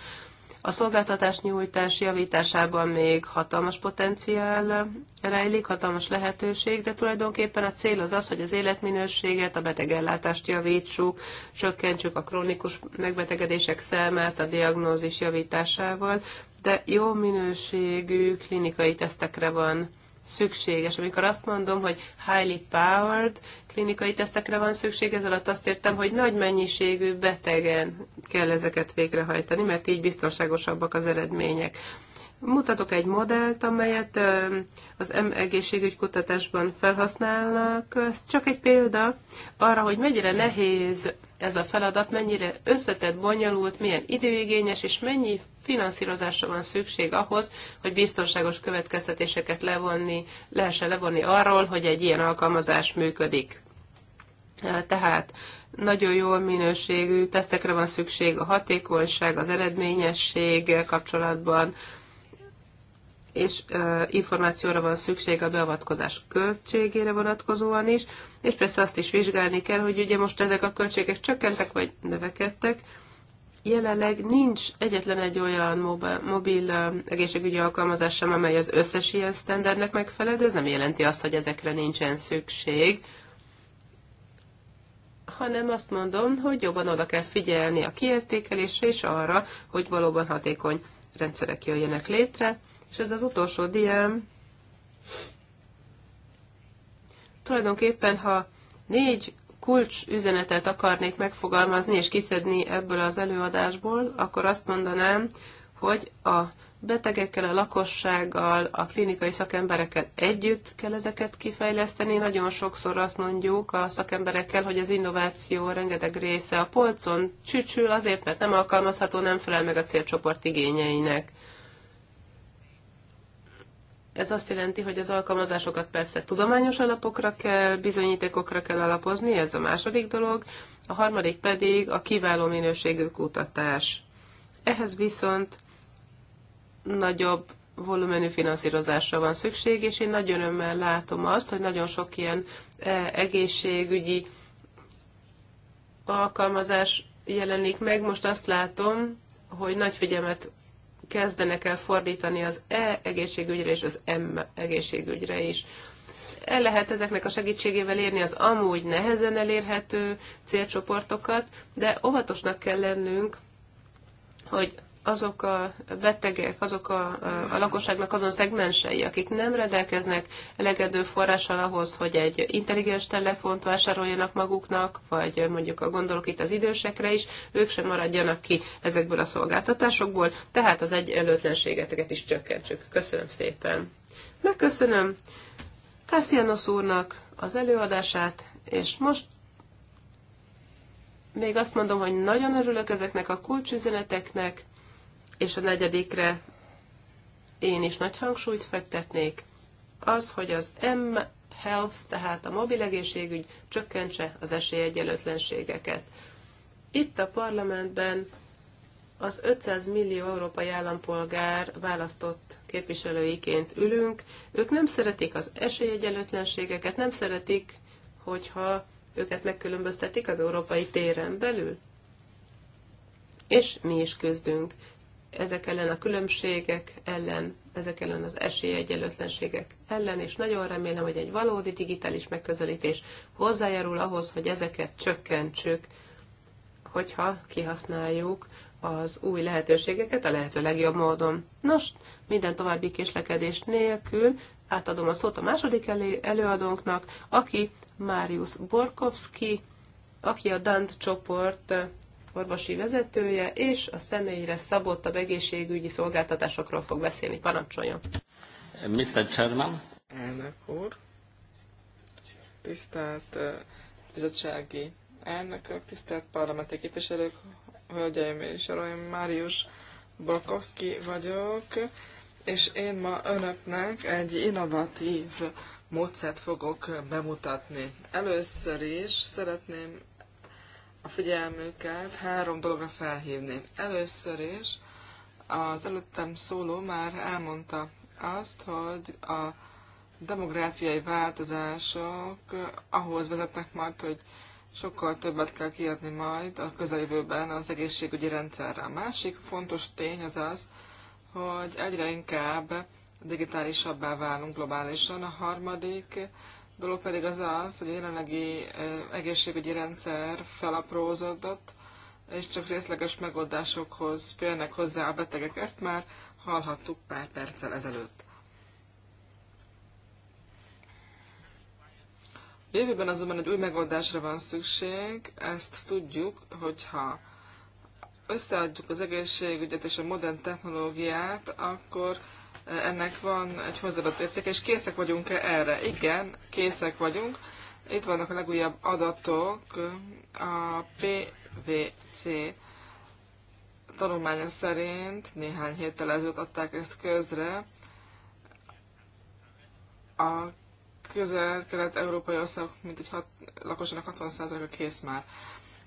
A szolgáltatás nyújtás javításában még hatalmas potenciál rejlik, hatalmas lehetőség, de tulajdonképpen a cél az az, hogy az életminőséget, a betegellátást javítsuk, csökkentsük a krónikus megbetegedések számát a diagnózis javításával, de jó minőségű klinikai tesztekre van szükséges. Amikor azt mondom, hogy highly powered, klinikai tesztekre van szükség, ez alatt azt értem, hogy nagy mennyiségű betegen kell ezeket végrehajtani, mert így biztonságosabbak az eredmények. Mutatok egy modellt, amelyet az M egészségügy kutatásban felhasználnak. Ez csak egy példa arra, hogy mennyire nehéz ez a feladat, mennyire összetett, bonyolult, milyen időigényes, és mennyi finanszírozásra van szükség ahhoz, hogy biztonságos következtetéseket levonni, lehessen levonni arról, hogy egy ilyen alkalmazás működik. Tehát nagyon jól minőségű tesztekre van szükség a hatékonyság, az eredményesség kapcsolatban, és információra van szükség a beavatkozás költségére vonatkozóan is, és persze azt is vizsgálni kell, hogy ugye most ezek a költségek csökkentek vagy növekedtek. Jelenleg nincs egyetlen egy olyan mobil, mobil egészségügyi alkalmazás sem, amely az összes ilyen sztendernek megfelel, de ez nem jelenti azt, hogy ezekre nincsen szükség hanem azt mondom, hogy jobban oda kell figyelni a kiértékelésre és arra, hogy valóban hatékony rendszerek jöjjenek létre. És ez az utolsó diám. Tulajdonképpen, ha négy kulcs üzenetet akarnék megfogalmazni és kiszedni ebből az előadásból, akkor azt mondanám, hogy a betegekkel, a lakossággal, a klinikai szakemberekkel együtt kell ezeket kifejleszteni. Nagyon sokszor azt mondjuk a szakemberekkel, hogy az innováció rengeteg része a polcon csücsül azért, mert nem alkalmazható, nem felel meg a célcsoport igényeinek. Ez azt jelenti, hogy az alkalmazásokat persze tudományos alapokra kell, bizonyítékokra kell alapozni, ez a második dolog. A harmadik pedig a kiváló minőségű kutatás. Ehhez viszont nagyobb volumenű finanszírozásra van szükség, és én nagy örömmel látom azt, hogy nagyon sok ilyen e, egészségügyi alkalmazás jelenik meg. Most azt látom, hogy nagy figyelmet kezdenek el fordítani az E egészségügyre és az M egészségügyre is. El lehet ezeknek a segítségével érni az amúgy nehezen elérhető célcsoportokat, de óvatosnak kell lennünk, hogy azok a betegek, azok a, a lakosságnak azon szegmensei, akik nem rendelkeznek elegedő forrással ahhoz, hogy egy intelligens telefont vásároljanak maguknak, vagy mondjuk a gondolok itt az idősekre is, ők sem maradjanak ki ezekből a szolgáltatásokból, tehát az egyenlőtlenségeteket is csökkentsük. Köszönöm szépen. Megköszönöm Kassianos úrnak az előadását, és most még azt mondom, hogy nagyon örülök ezeknek a kulcsüzeneteknek, és a negyedikre én is nagy hangsúlyt fektetnék, az, hogy az M health, tehát a mobil egészségügy csökkentse az esélyegyenlőtlenségeket. Itt a parlamentben az 500 millió európai állampolgár választott képviselőiként ülünk. Ők nem szeretik az esélyegyenlőtlenségeket, nem szeretik, hogyha őket megkülönböztetik az európai téren belül. És mi is küzdünk ezek ellen a különbségek ellen, ezek ellen az esélyegyenlőtlenségek ellen, és nagyon remélem, hogy egy valódi digitális megközelítés hozzájárul ahhoz, hogy ezeket csökkentsük, hogyha kihasználjuk az új lehetőségeket a lehető legjobb módon. Nos, minden további késlekedés nélkül átadom a szót a második előadónknak, aki Máriusz Borkovski, aki a Dant csoport orvosi vezetője, és a személyre szabottabb egészségügyi szolgáltatásokról fog beszélni. Parancsoljon! Mr. Chairman! Elnök úr! Tisztelt bizottsági elnökök, tisztelt parlamenti képviselők, hölgyeim és uraim, Máriusz Borkowski vagyok, és én ma önöknek egy innovatív módszert fogok bemutatni. Először is szeretném a figyelmüket három dologra felhívni. Először is az előttem szóló már elmondta azt, hogy a demográfiai változások ahhoz vezetnek majd, hogy sokkal többet kell kiadni majd a közeljövőben az egészségügyi rendszerre. A másik fontos tény az az, hogy egyre inkább digitálisabbá válunk globálisan. A harmadik dolog pedig az az, hogy a jelenlegi egészségügyi rendszer felaprózódott, és csak részleges megoldásokhoz férnek hozzá a betegek. Ezt már hallhattuk pár perccel ezelőtt. Jövőben azonban egy új megoldásra van szükség, ezt tudjuk, hogyha összeadjuk az egészségügyet és a modern technológiát, akkor ennek van egy hozzáadott értéke, és készek vagyunk-e erre? Igen, készek vagyunk. Itt vannak a legújabb adatok, a PVC tanulmánya szerint néhány héttel ezelőtt adták ezt közre. A közel-kelet-európai országok mint egy hat, lakosának 60%-a kész már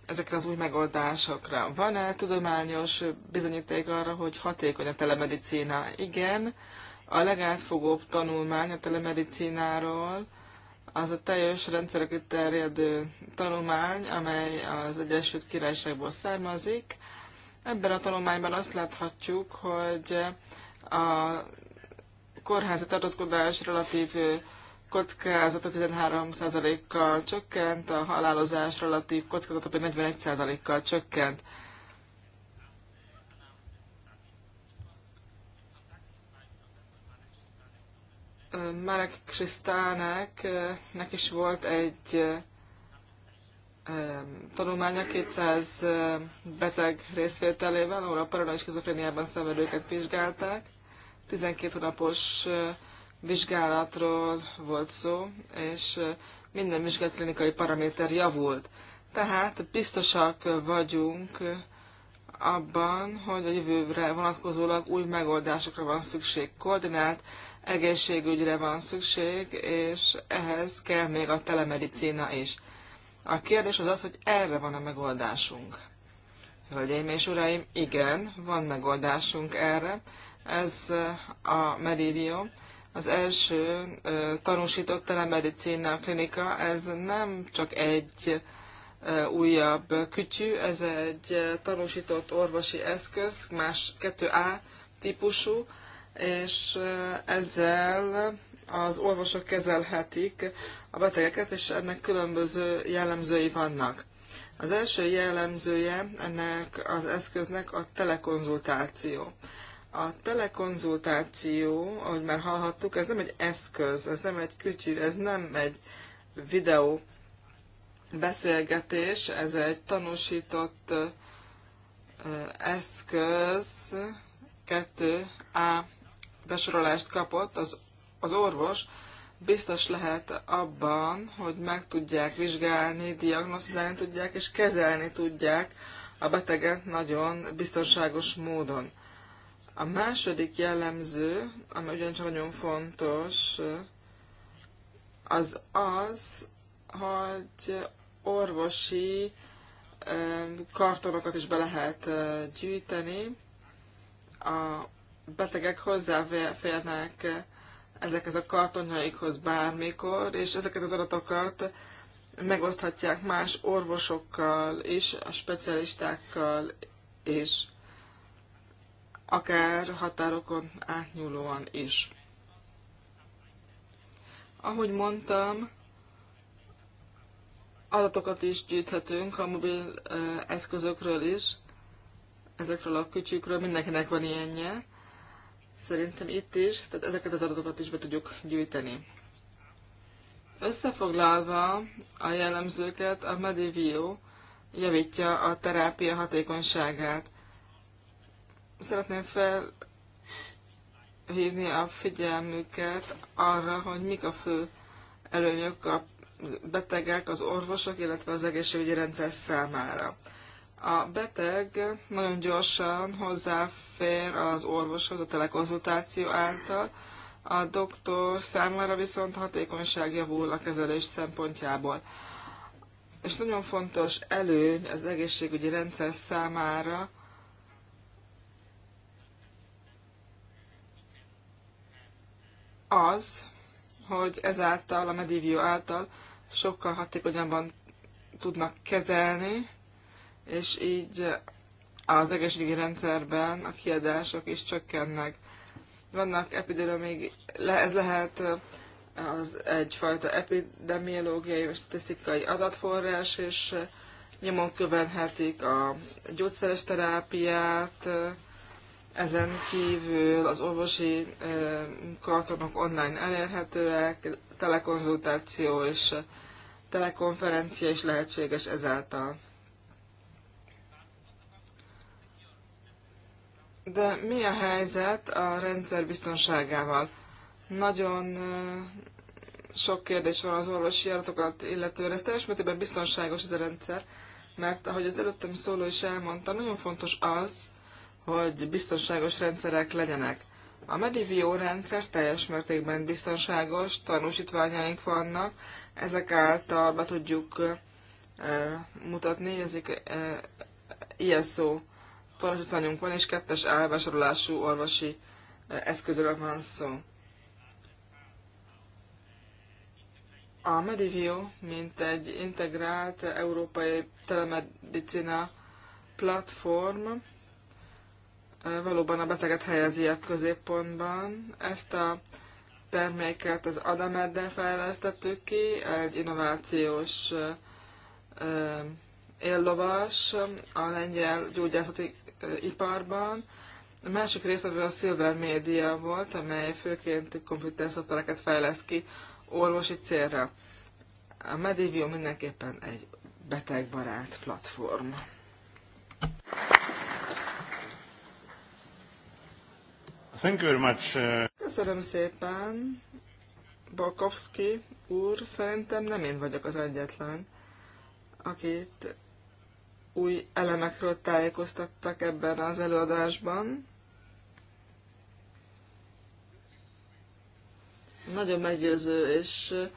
ezekre az új megoldásokra. Van-e tudományos bizonyíték arra, hogy hatékony a telemedicína? Igen, a legátfogóbb tanulmány a telemedicináról az a teljes rendszerek terjedő tanulmány, amely az Egyesült Királyságból származik. Ebben a tanulmányban azt láthatjuk, hogy a kórházi tartózkodás relatív kockázata 13%-kal csökkent, a halálozás relatív kockázata pedig 41%-kal csökkent. Marek Krisztának nek is volt egy tanulmánya 200 beteg részvételével, ahol a paranoid skizofréniában szenvedőket vizsgálták. 12 hónapos vizsgálatról volt szó, és minden vizsgálatklinikai paraméter javult. Tehát biztosak vagyunk abban, hogy a jövőre vonatkozólag új megoldásokra van szükség, koordinált egészségügyre van szükség, és ehhez kell még a telemedicína is. A kérdés az az, hogy erre van a megoldásunk. Hölgyeim és uraim, igen, van megoldásunk erre. Ez a Medivio, az első tanúsított telemedicina klinika, ez nem csak egy újabb kütyű, ez egy tanúsított orvosi eszköz, más 2A típusú, és ezzel az orvosok kezelhetik a betegeket, és ennek különböző jellemzői vannak. Az első jellemzője ennek az eszköznek a telekonzultáció. A telekonzultáció, ahogy már hallhattuk, ez nem egy eszköz, ez nem egy kütyű, ez nem egy videó beszélgetés, ez egy tanúsított eszköz 2A besorolást kapott, az, az orvos biztos lehet abban, hogy meg tudják vizsgálni, diagnosztizálni tudják és kezelni tudják a beteget nagyon biztonságos módon. A második jellemző, ami ugyancsak nagyon fontos, az az, hogy orvosi kartonokat is be lehet gyűjteni. A betegek hozzáférnek ezekhez a kartonjaikhoz bármikor, és ezeket az adatokat megoszthatják más orvosokkal és a specialistákkal és akár határokon átnyúlóan is. Ahogy mondtam, adatokat is gyűjthetünk a mobil eszközökről is, ezekről a kütyükről, mindenkinek van ilyenje. Szerintem itt is, tehát ezeket az adatokat is be tudjuk gyűjteni. Összefoglalva a jellemzőket, a Medivio javítja a terápia hatékonyságát. Szeretném felhívni a figyelmüket arra, hogy mik a fő előnyök a betegek, az orvosok, illetve az egészségügyi rendszer számára. A beteg nagyon gyorsan hozzáfér az orvoshoz a telekonzultáció által, a doktor számára viszont hatékonyság javul a kezelés szempontjából. És nagyon fontos előny az egészségügyi rendszer számára az, hogy ezáltal, a Medivio által sokkal hatékonyabban tudnak kezelni, és így az egészségügyi rendszerben a kiadások is csökkennek. Vannak epidemiológiai, ez lehet az egyfajta epidemiológiai vagy statisztikai adatforrás, és nyomon követhetik a gyógyszeres terápiát, ezen kívül az orvosi kartonok online elérhetőek, telekonzultáció és telekonferencia is lehetséges ezáltal. De mi a helyzet a rendszer biztonságával? Nagyon sok kérdés van az orvosi adatokat illetően. Ez teljes mértékben biztonságos ez a rendszer, mert ahogy az előttem szóló is elmondta, nagyon fontos az, hogy biztonságos rendszerek legyenek. A Medivio rendszer teljes mértékben biztonságos, tanúsítványaink vannak, ezek által be tudjuk e, mutatni, ezek e, ISO tanúsítványunk van, és kettes elvásárolású orvosi eszközről van szó. A Medivio, mint egy integrált európai telemedicina platform, valóban a beteget helyezi a középpontban. Ezt a terméket az Adameddel fejlesztettük ki, egy innovációs éllovas a lengyel gyógyászati iparban. A másik részevő a Silver Media volt, amely főként komputerszoftvereket fejleszt ki orvosi célra. A Medivio mindenképpen egy betegbarát platform. Thank you very much. Uh, Köszönöm szépen. Balkovski úr, szerintem nem én vagyok az egyetlen, akit új elemekről tájékoztattak ebben az előadásban. Nagyon meggyőző és uh,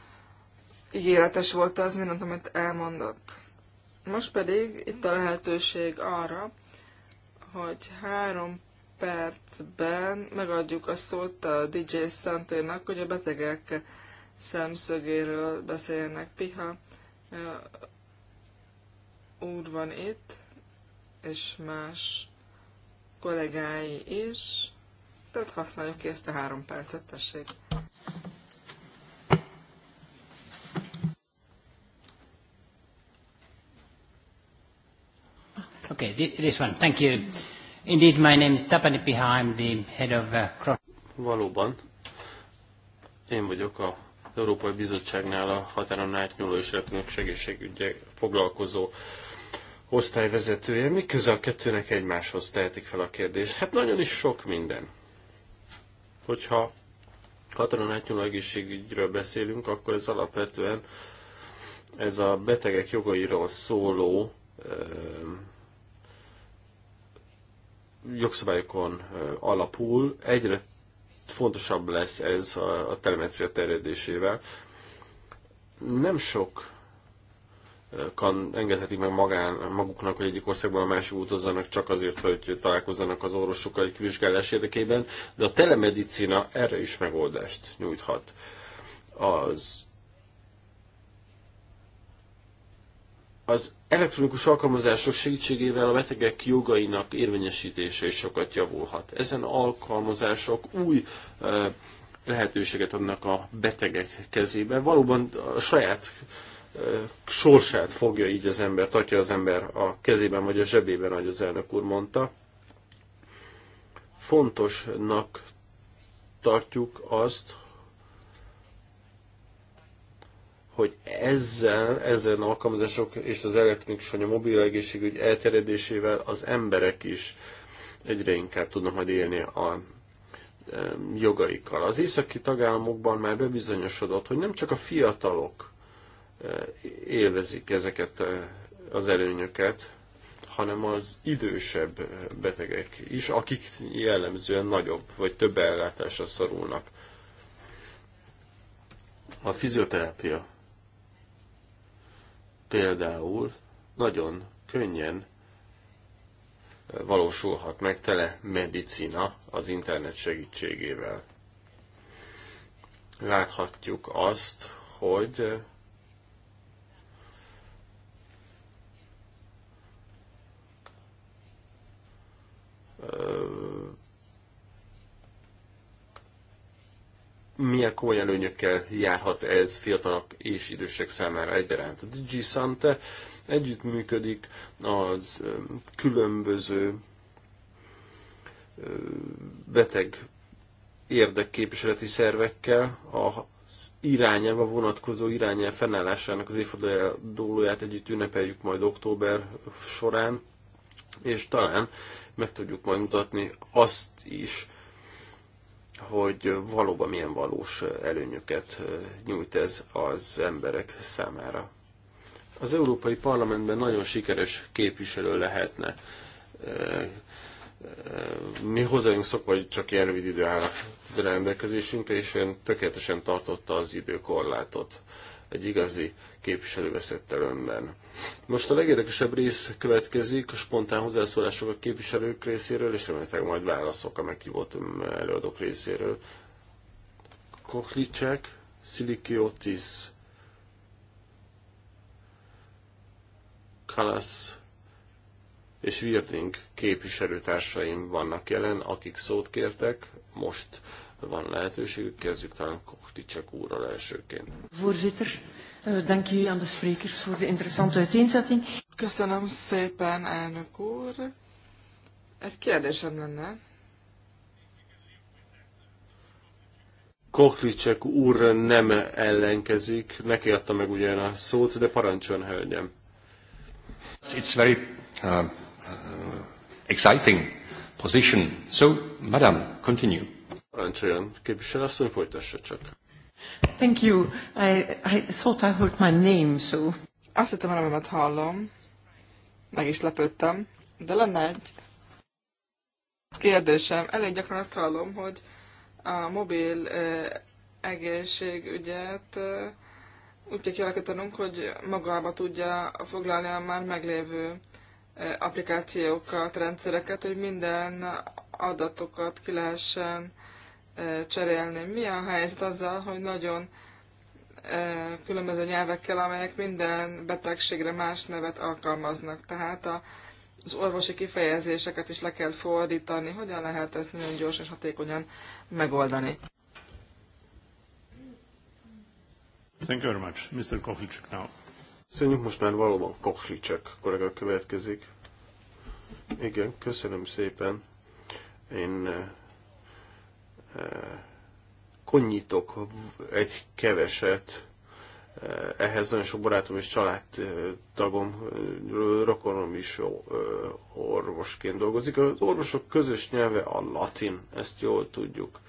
ígéretes volt az mint amit elmondott. Most pedig itt a lehetőség arra, hogy három percben megadjuk a szót a DJ Santénak, hogy a betegek szemszögéről beszéljenek. Piha úr van itt, és más kollégái is. Tehát használjuk ki ezt a három percet, tessék. Okay, this one. Thank you. Indeed, my name is Tapani Piha, I'm the head of uh, Cross. Valóban, én vagyok a Európai Bizottságnál a határon átnyúló és elektronikus egészségügye foglalkozó osztályvezetője. Mi köze a kettőnek egymáshoz tehetik fel a kérdést? Hát nagyon is sok minden. Hogyha határon átnyúló egészségügyről beszélünk, akkor ez alapvetően ez a betegek jogairól szóló jogszabályokon alapul, egyre fontosabb lesz ez a telemetria terjedésével. Nem sok kan engedhetik meg magán, maguknak, hogy egyik országban a másik utazzanak csak azért, hogy találkozzanak az orvosokkal egy vizsgálás érdekében, de a telemedicina erre is megoldást nyújthat. Az Az elektronikus alkalmazások segítségével a betegek jogainak érvényesítése is sokat javulhat. Ezen alkalmazások új lehetőséget adnak a betegek kezébe. Valóban a saját sorsát fogja így az ember, tartja az ember a kezében vagy a zsebében, ahogy az elnök úr mondta. Fontosnak tartjuk azt, hogy ezzel, ezen alkalmazások és az elektronikus vagy a mobil egészségügy elterjedésével az emberek is egyre inkább tudnak majd élni a jogaikkal. Az északi tagállamokban már bebizonyosodott, hogy nem csak a fiatalok e, élvezik ezeket e, az előnyöket, hanem az idősebb e, betegek is, akik jellemzően nagyobb vagy több ellátásra szorulnak. A fizioterápia például nagyon könnyen valósulhat meg tele medicina az internet segítségével. Láthatjuk azt, hogy milyen komoly előnyökkel járhat ez fiatalok és idősek számára egyaránt. A Digi Sante együttműködik az különböző beteg érdekképviseleti szervekkel, a a vonatkozó irányelv fennállásának az évfordulóját együtt ünnepeljük majd október során, és talán meg tudjuk majd mutatni azt is, hogy valóban milyen valós előnyöket nyújt ez az emberek számára. Az Európai Parlamentben nagyon sikeres képviselő lehetne. Mi hozzájunk szokva, hogy csak ilyen rövid idő áll rendelkezésünkre, és én tökéletesen tartotta az időkorlátot egy igazi képviselőveszett önben. Most a legérdekesebb rész következik, a spontán hozzászólások a képviselők részéről, és remélhetőleg majd válaszok a meghívott előadók részéről. Kohlicsek, Szilikiotis, Kalasz és Wirding képviselőtársaim vannak jelen, akik szót kértek, most van lehetőségük, kezdjük talán Ticsak úrral elsőként. Voorzitter, eh, dank u aan de sprekers voor de interessante uiteenzetting. Köszönöm szépen, elnök úr. Egy kérdésem lenne. Koklicsek úr nem ellenkezik, neki adta meg ugyan a szót, de parancson, hölgyem. It's very uh, uh, exciting position. So, madam, continue. Parancsoljon, képviselő asszony, folytassa csak. Thank you. I, I thought I heard my name, so... Azt hittem, nevemet hallom. Meg is lepődtem. De lenne egy kérdésem. Elég gyakran azt hallom, hogy a mobil eh, egészségügyet eh, úgy kell kialakítanunk, hogy magába tudja foglalni a már meglévő eh, applikációkat, rendszereket, hogy minden adatokat ki lehessen eh, cserélni. Mi a helyzet azzal, hogy nagyon különböző nyelvekkel, amelyek minden betegségre más nevet alkalmaznak. Tehát a, az orvosi kifejezéseket is le kell fordítani. Hogyan lehet ezt nagyon gyorsan és hatékonyan megoldani? Thank you very much. Mr. Kohlicek now. Szerintem most már valóban Kohlicek kollega következik. Igen, köszönöm szépen. Én konnyitok egy keveset. Ehhez nagyon sok barátom és családtagom, rokonom is orvosként dolgozik. Az orvosok közös nyelve a latin, ezt jól tudjuk.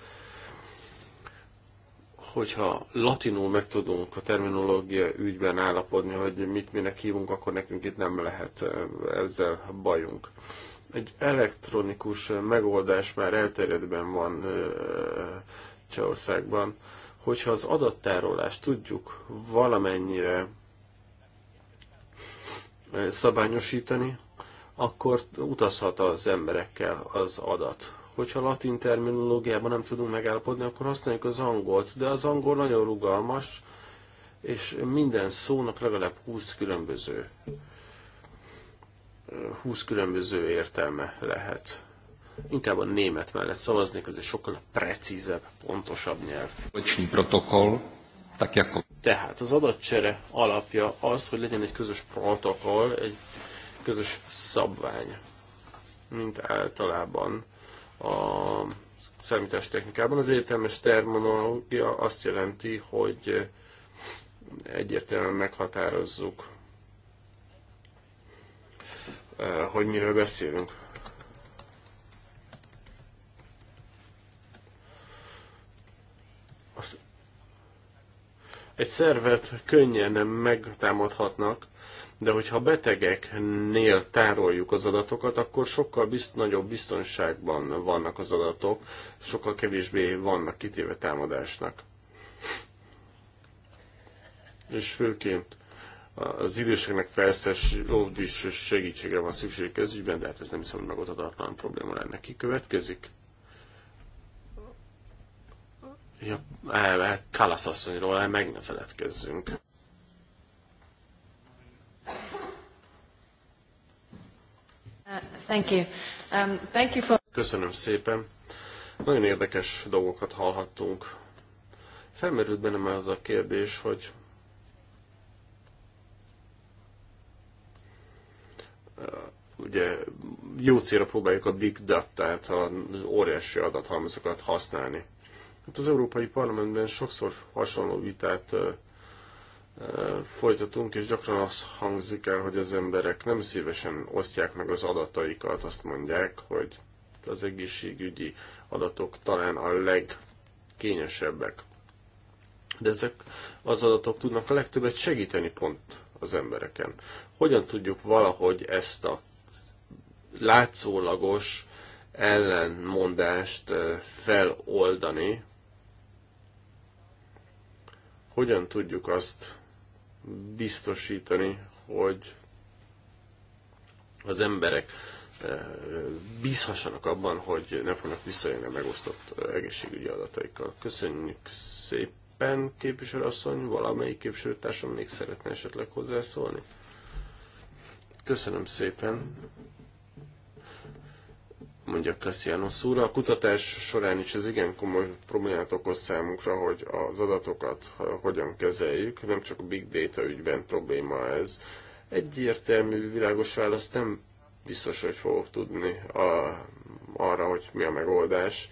Hogyha latinul meg tudunk a terminológia ügyben állapodni, hogy mit minek hívunk, akkor nekünk itt nem lehet ezzel bajunk. Egy elektronikus megoldás már elterjedben van Csehországban. Hogyha az adattárolást tudjuk valamennyire szabályosítani, akkor utazhat az emberekkel az adat. Hogyha latin terminológiában nem tudunk megállapodni, akkor használjuk az angolt, de az angol nagyon rugalmas, és minden szónak legalább 20 különböző 20 különböző értelme lehet. Inkább a német mellett szavaznék, az egy sokkal precízebb, pontosabb nyelv. protokoll, tehát az adatcsere alapja az, hogy legyen egy közös protokoll, egy közös szabvány, mint általában a technikában. Az értelmes terminológia azt jelenti, hogy egyértelműen meghatározzuk hogy miről beszélünk. egy szervet könnyen megtámadhatnak, de hogyha betegeknél tároljuk az adatokat, akkor sokkal bizt, nagyobb biztonságban vannak az adatok, sokkal kevésbé vannak kitéve támadásnak. És főként az időseknek felszes is segítségre van szükségük ez ügyben, de hát ez nem hiszem, hogy megoldhatatlan probléma lenne. Ki következik? Ja, elve, Kalasz asszonyról el meg ne feledkezzünk. Thank you. Um, thank you for... Köszönöm szépen. Nagyon érdekes dolgokat hallhattunk. Felmerült bennem az a kérdés, hogy ugye jó célra próbáljuk a big data tehát az óriási adathalmazokat használni. Hát az Európai Parlamentben sokszor hasonló vitát folytatunk, és gyakran az hangzik el, hogy az emberek nem szívesen osztják meg az adataikat, azt mondják, hogy az egészségügyi adatok talán a legkényesebbek. De ezek az adatok tudnak a legtöbbet segíteni pont az embereken. Hogyan tudjuk valahogy ezt a látszólagos ellenmondást feloldani? Hogyan tudjuk azt biztosítani, hogy az emberek bízhassanak abban, hogy nem fognak visszajönni a megosztott egészségügyi adataikkal. Köszönjük szépen! szépen, képviselőasszony, valamelyik képviselőtársam még szeretne esetleg hozzászólni. Köszönöm szépen mondja Cassianos úr. A kutatás során is ez igen komoly problémát okoz számunkra, hogy az adatokat hogyan kezeljük, nem csak a big data ügyben probléma ez. Egyértelmű, világos választ nem biztos, hogy fogok tudni a, arra, hogy mi a megoldás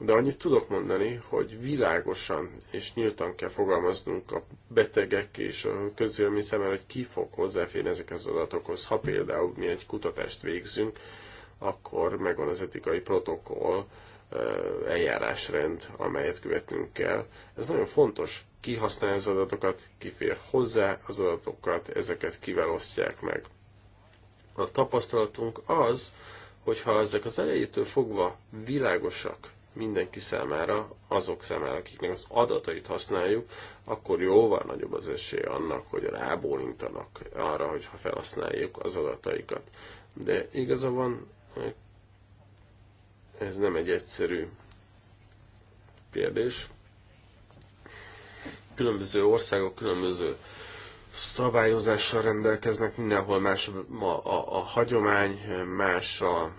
de annyit tudok mondani, hogy világosan és nyíltan kell fogalmaznunk a betegek és a közülmi szemben, hogy ki fog hozzáférni ezekhez az adatokhoz. Ha például mi egy kutatást végzünk, akkor megvan az etikai protokoll, eljárásrend, amelyet követnünk kell. Ez nagyon fontos, ki használja az adatokat, ki fér hozzá az adatokat, ezeket kivel osztják meg. A tapasztalatunk az, hogyha ezek az elejétől fogva világosak, mindenki számára, azok számára, akiknek az adatait használjuk, akkor jóval nagyobb az esély annak, hogy rábólintanak arra, hogyha felhasználjuk az adataikat. De igazából ez nem egy egyszerű kérdés. Különböző országok különböző szabályozással rendelkeznek, mindenhol más a, a, a hagyomány, más a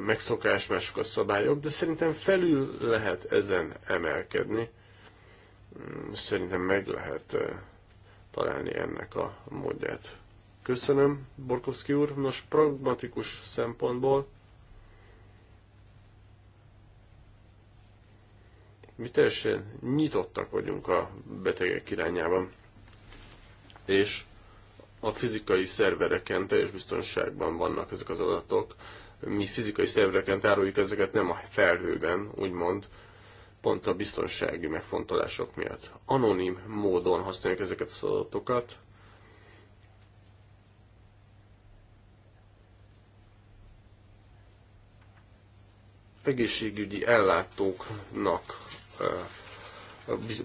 megszokás, mások a szabályok, de szerintem felül lehet ezen emelkedni. Mm, szerintem meg lehet találni ennek a módját. Köszönöm, Borkovszki úr. Nos, pragmatikus szempontból mi teljesen nyitottak vagyunk a betegek irányában, és a fizikai szervereken teljes biztonságban vannak ezek az adatok, mi fizikai szerveken tároljuk ezeket, nem a felhőben, úgymond, pont a biztonsági megfontolások miatt. Anonim módon használjuk ezeket az adatokat, egészségügyi ellátóknak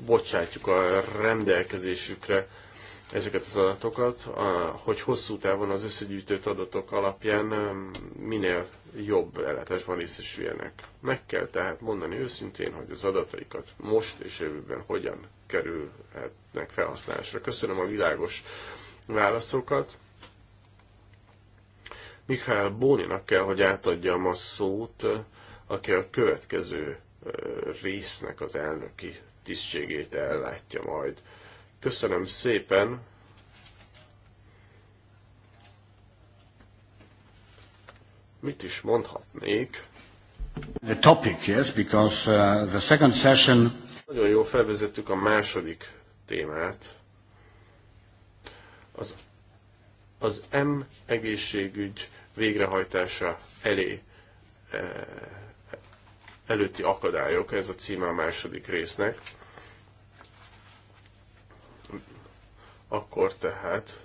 bocsátjuk a rendelkezésükre ezeket az adatokat, hogy hosszú távon az összegyűjtött adatok alapján minél jobb van részesüljenek. Meg kell tehát mondani őszintén, hogy az adataikat most és jövőben hogyan kerülhetnek felhasználásra. Köszönöm a világos válaszokat. Mikhail Bóninak kell, hogy átadjam a szót, aki a következő résznek az elnöki tisztségét ellátja majd. Köszönöm szépen. Mit is mondhatnék? The topic, yes, because uh, the second session... Nagyon jól felvezettük a második témát. Az, az M egészségügy végrehajtása elé eh, előtti akadályok, ez a címe a második résznek. Akkor tehát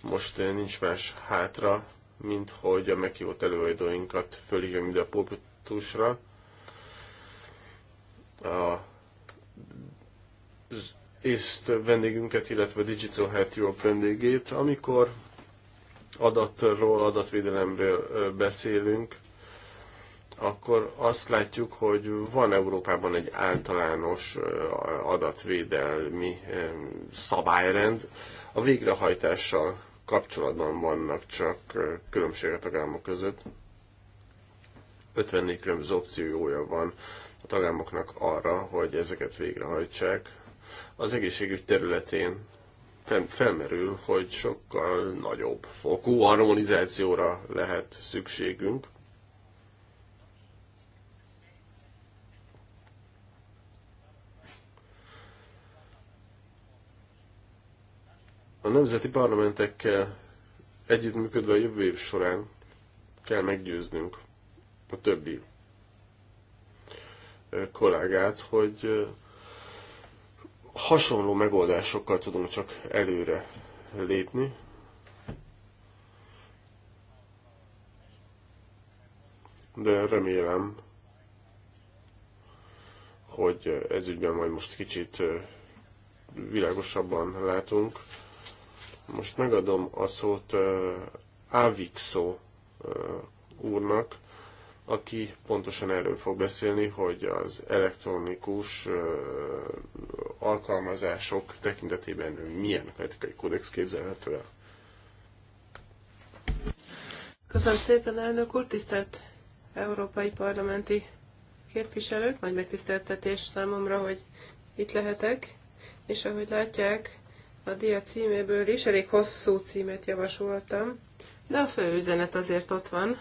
most eh, nincs más hátra, mint hogy a meghívott előadóinkat fölhívjam ide a pulpitusra. A észt vendégünket, illetve Digital Health Europe vendégét, amikor adatról, adatvédelemről eh, beszélünk, akkor azt látjuk, hogy van Európában egy általános adatvédelmi szabályrend. A végrehajtással kapcsolatban vannak csak különbségek a tagállamok között. 54 különböző opciója van a tagállamoknak arra, hogy ezeket végrehajtsák. Az egészségügy területén felmerül, hogy sokkal nagyobb fokú harmonizációra lehet szükségünk A nemzeti parlamentekkel együttműködve a jövő év során kell meggyőznünk a többi kollégát, hogy hasonló megoldásokkal tudunk csak előre lépni. De remélem, hogy ez ügyben majd most kicsit világosabban látunk. Most megadom a szót Avixo úrnak, aki pontosan erről fog beszélni, hogy az elektronikus alkalmazások tekintetében milyen etikai kódex képzelhető el. Köszönöm szépen, elnök úr, tisztelt európai parlamenti képviselők, nagy megtiszteltetés számomra, hogy itt lehetek, és ahogy látják, a dia címéből is, elég hosszú címet javasoltam, de a fő üzenet azért ott van,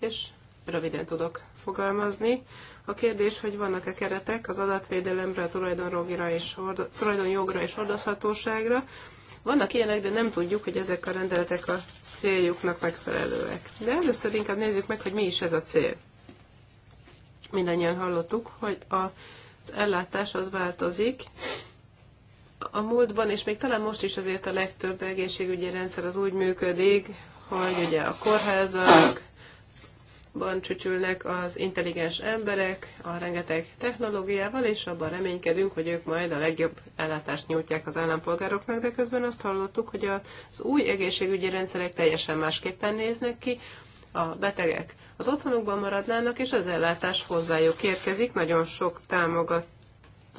és röviden tudok fogalmazni. A kérdés, hogy vannak-e keretek az adatvédelemre, a tulajdonjogra és, orda, tulajdonjogra és hordozhatóságra. Vannak ilyenek, de nem tudjuk, hogy ezek a rendeletek a céljuknak megfelelőek. De először inkább nézzük meg, hogy mi is ez a cél. Mindannyian hallottuk, hogy az ellátás az változik, a múltban, és még talán most is azért a legtöbb egészségügyi rendszer az úgy működik, hogy ugye a kórházak, ban csücsülnek az intelligens emberek a rengeteg technológiával, és abban reménykedünk, hogy ők majd a legjobb ellátást nyújtják az állampolgároknak, de közben azt hallottuk, hogy az új egészségügyi rendszerek teljesen másképpen néznek ki, a betegek az otthonukban maradnának, és az ellátás hozzájuk érkezik, nagyon sok támogat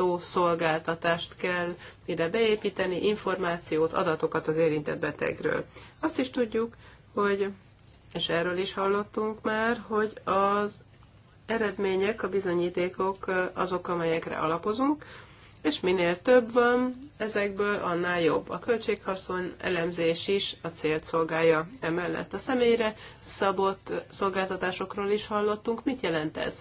tájékoztató szolgáltatást kell ide beépíteni, információt, adatokat az érintett betegről. Azt is tudjuk, hogy, és erről is hallottunk már, hogy az eredmények, a bizonyítékok azok, amelyekre alapozunk, és minél több van ezekből, annál jobb. A költséghaszon elemzés is a célt szolgálja emellett. A személyre szabott szolgáltatásokról is hallottunk. Mit jelent ez?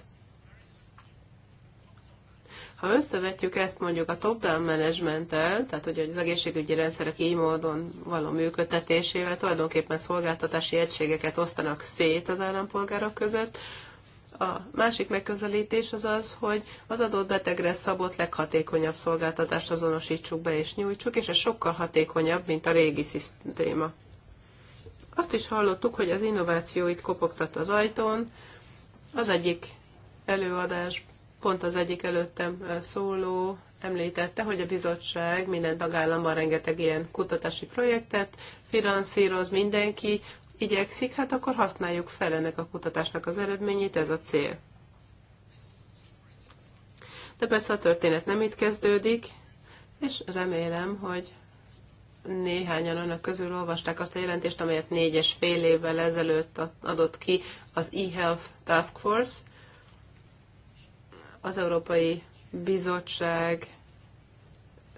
Ha összevetjük ezt mondjuk a top-down menedzsmenttel, tehát hogy az egészségügyi rendszerek így módon való működtetésével tulajdonképpen szolgáltatási egységeket osztanak szét az állampolgárok között, a másik megközelítés az az, hogy az adott betegre szabott leghatékonyabb szolgáltatást azonosítsuk be és nyújtsuk, és ez sokkal hatékonyabb, mint a régi szisztéma. Azt is hallottuk, hogy az innováció itt kopogtat az ajtón. Az egyik előadás Pont az egyik előttem szóló említette, hogy a bizottság minden tagállamban rengeteg ilyen kutatási projektet finanszíroz, mindenki igyekszik, hát akkor használjuk fel ennek a kutatásnak az eredményét, ez a cél. De persze a történet nem itt kezdődik, és remélem, hogy néhányan önök közül olvasták azt a jelentést, amelyet négy és fél évvel ezelőtt adott ki az eHealth task force, az Európai Bizottság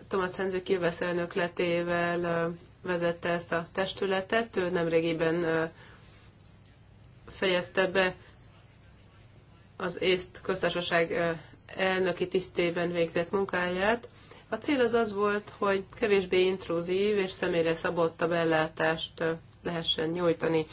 Thomas Henry Kilvesz elnök letével vezette ezt a testületet. Ő nemrégiben fejezte be az észt köztársaság elnöki tisztében végzett munkáját. A cél az az volt, hogy kevésbé intrúzív és személyre szabottabb ellátást lehessen nyújtani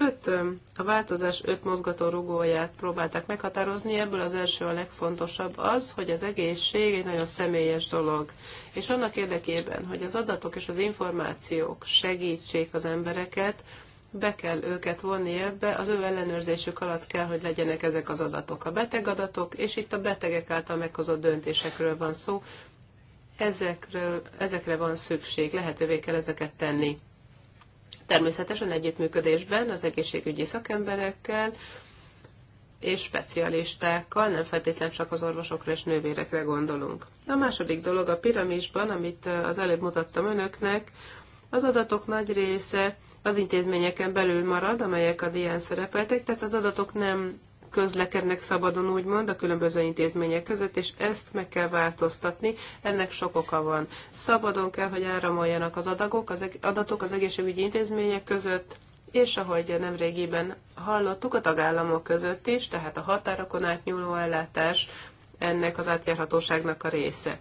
öt, a változás öt mozgató rugóját próbálták meghatározni, ebből az első a legfontosabb az, hogy az egészség egy nagyon személyes dolog. És annak érdekében, hogy az adatok és az információk segítsék az embereket, be kell őket vonni ebbe, az ő ellenőrzésük alatt kell, hogy legyenek ezek az adatok. A beteg adatok, és itt a betegek által meghozott döntésekről van szó, ezekről, ezekre van szükség, lehetővé kell ezeket tenni természetesen együttműködésben az egészségügyi szakemberekkel és specialistákkal, nem feltétlenül csak az orvosokra és nővérekre gondolunk. A második dolog a piramisban, amit az előbb mutattam önöknek, az adatok nagy része az intézményeken belül marad, amelyek a dián szerepeltek, tehát az adatok nem közlekednek szabadon, úgymond, a különböző intézmények között, és ezt meg kell változtatni. Ennek sok oka van. Szabadon kell, hogy áramoljanak az adagok, az adatok az egészségügyi intézmények között, és ahogy nemrégiben hallottuk, a tagállamok között is, tehát a határokon átnyúló ellátás ennek az átjárhatóságnak a része.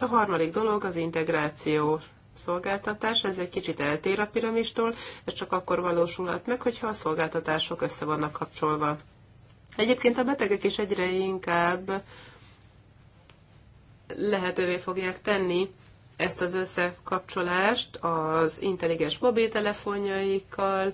A harmadik dolog az integráció szolgáltatás, ez egy kicsit eltér a piramistól, ez csak akkor valósulhat meg, hogyha a szolgáltatások össze vannak kapcsolva. Egyébként a betegek is egyre inkább lehetővé fogják tenni ezt az összekapcsolást az intelligens mobiltelefonjaikkal,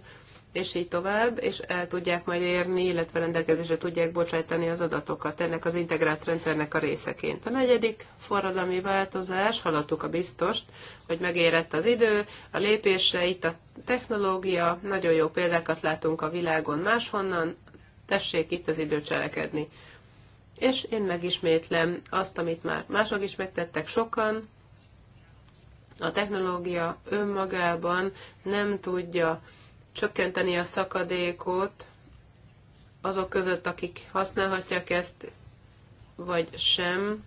és így tovább, és el tudják majd érni, illetve rendelkezésre tudják bocsájtani az adatokat ennek az integrált rendszernek a részeként. A negyedik forradalmi változás, haladtuk a biztost, hogy megérett az idő, a lépésre, itt a technológia, nagyon jó példákat látunk a világon máshonnan, tessék itt az idő cselekedni. És én megismétlem azt, amit már mások is megtettek sokan, a technológia önmagában nem tudja csökkenteni a szakadékot azok között, akik használhatják ezt, vagy sem.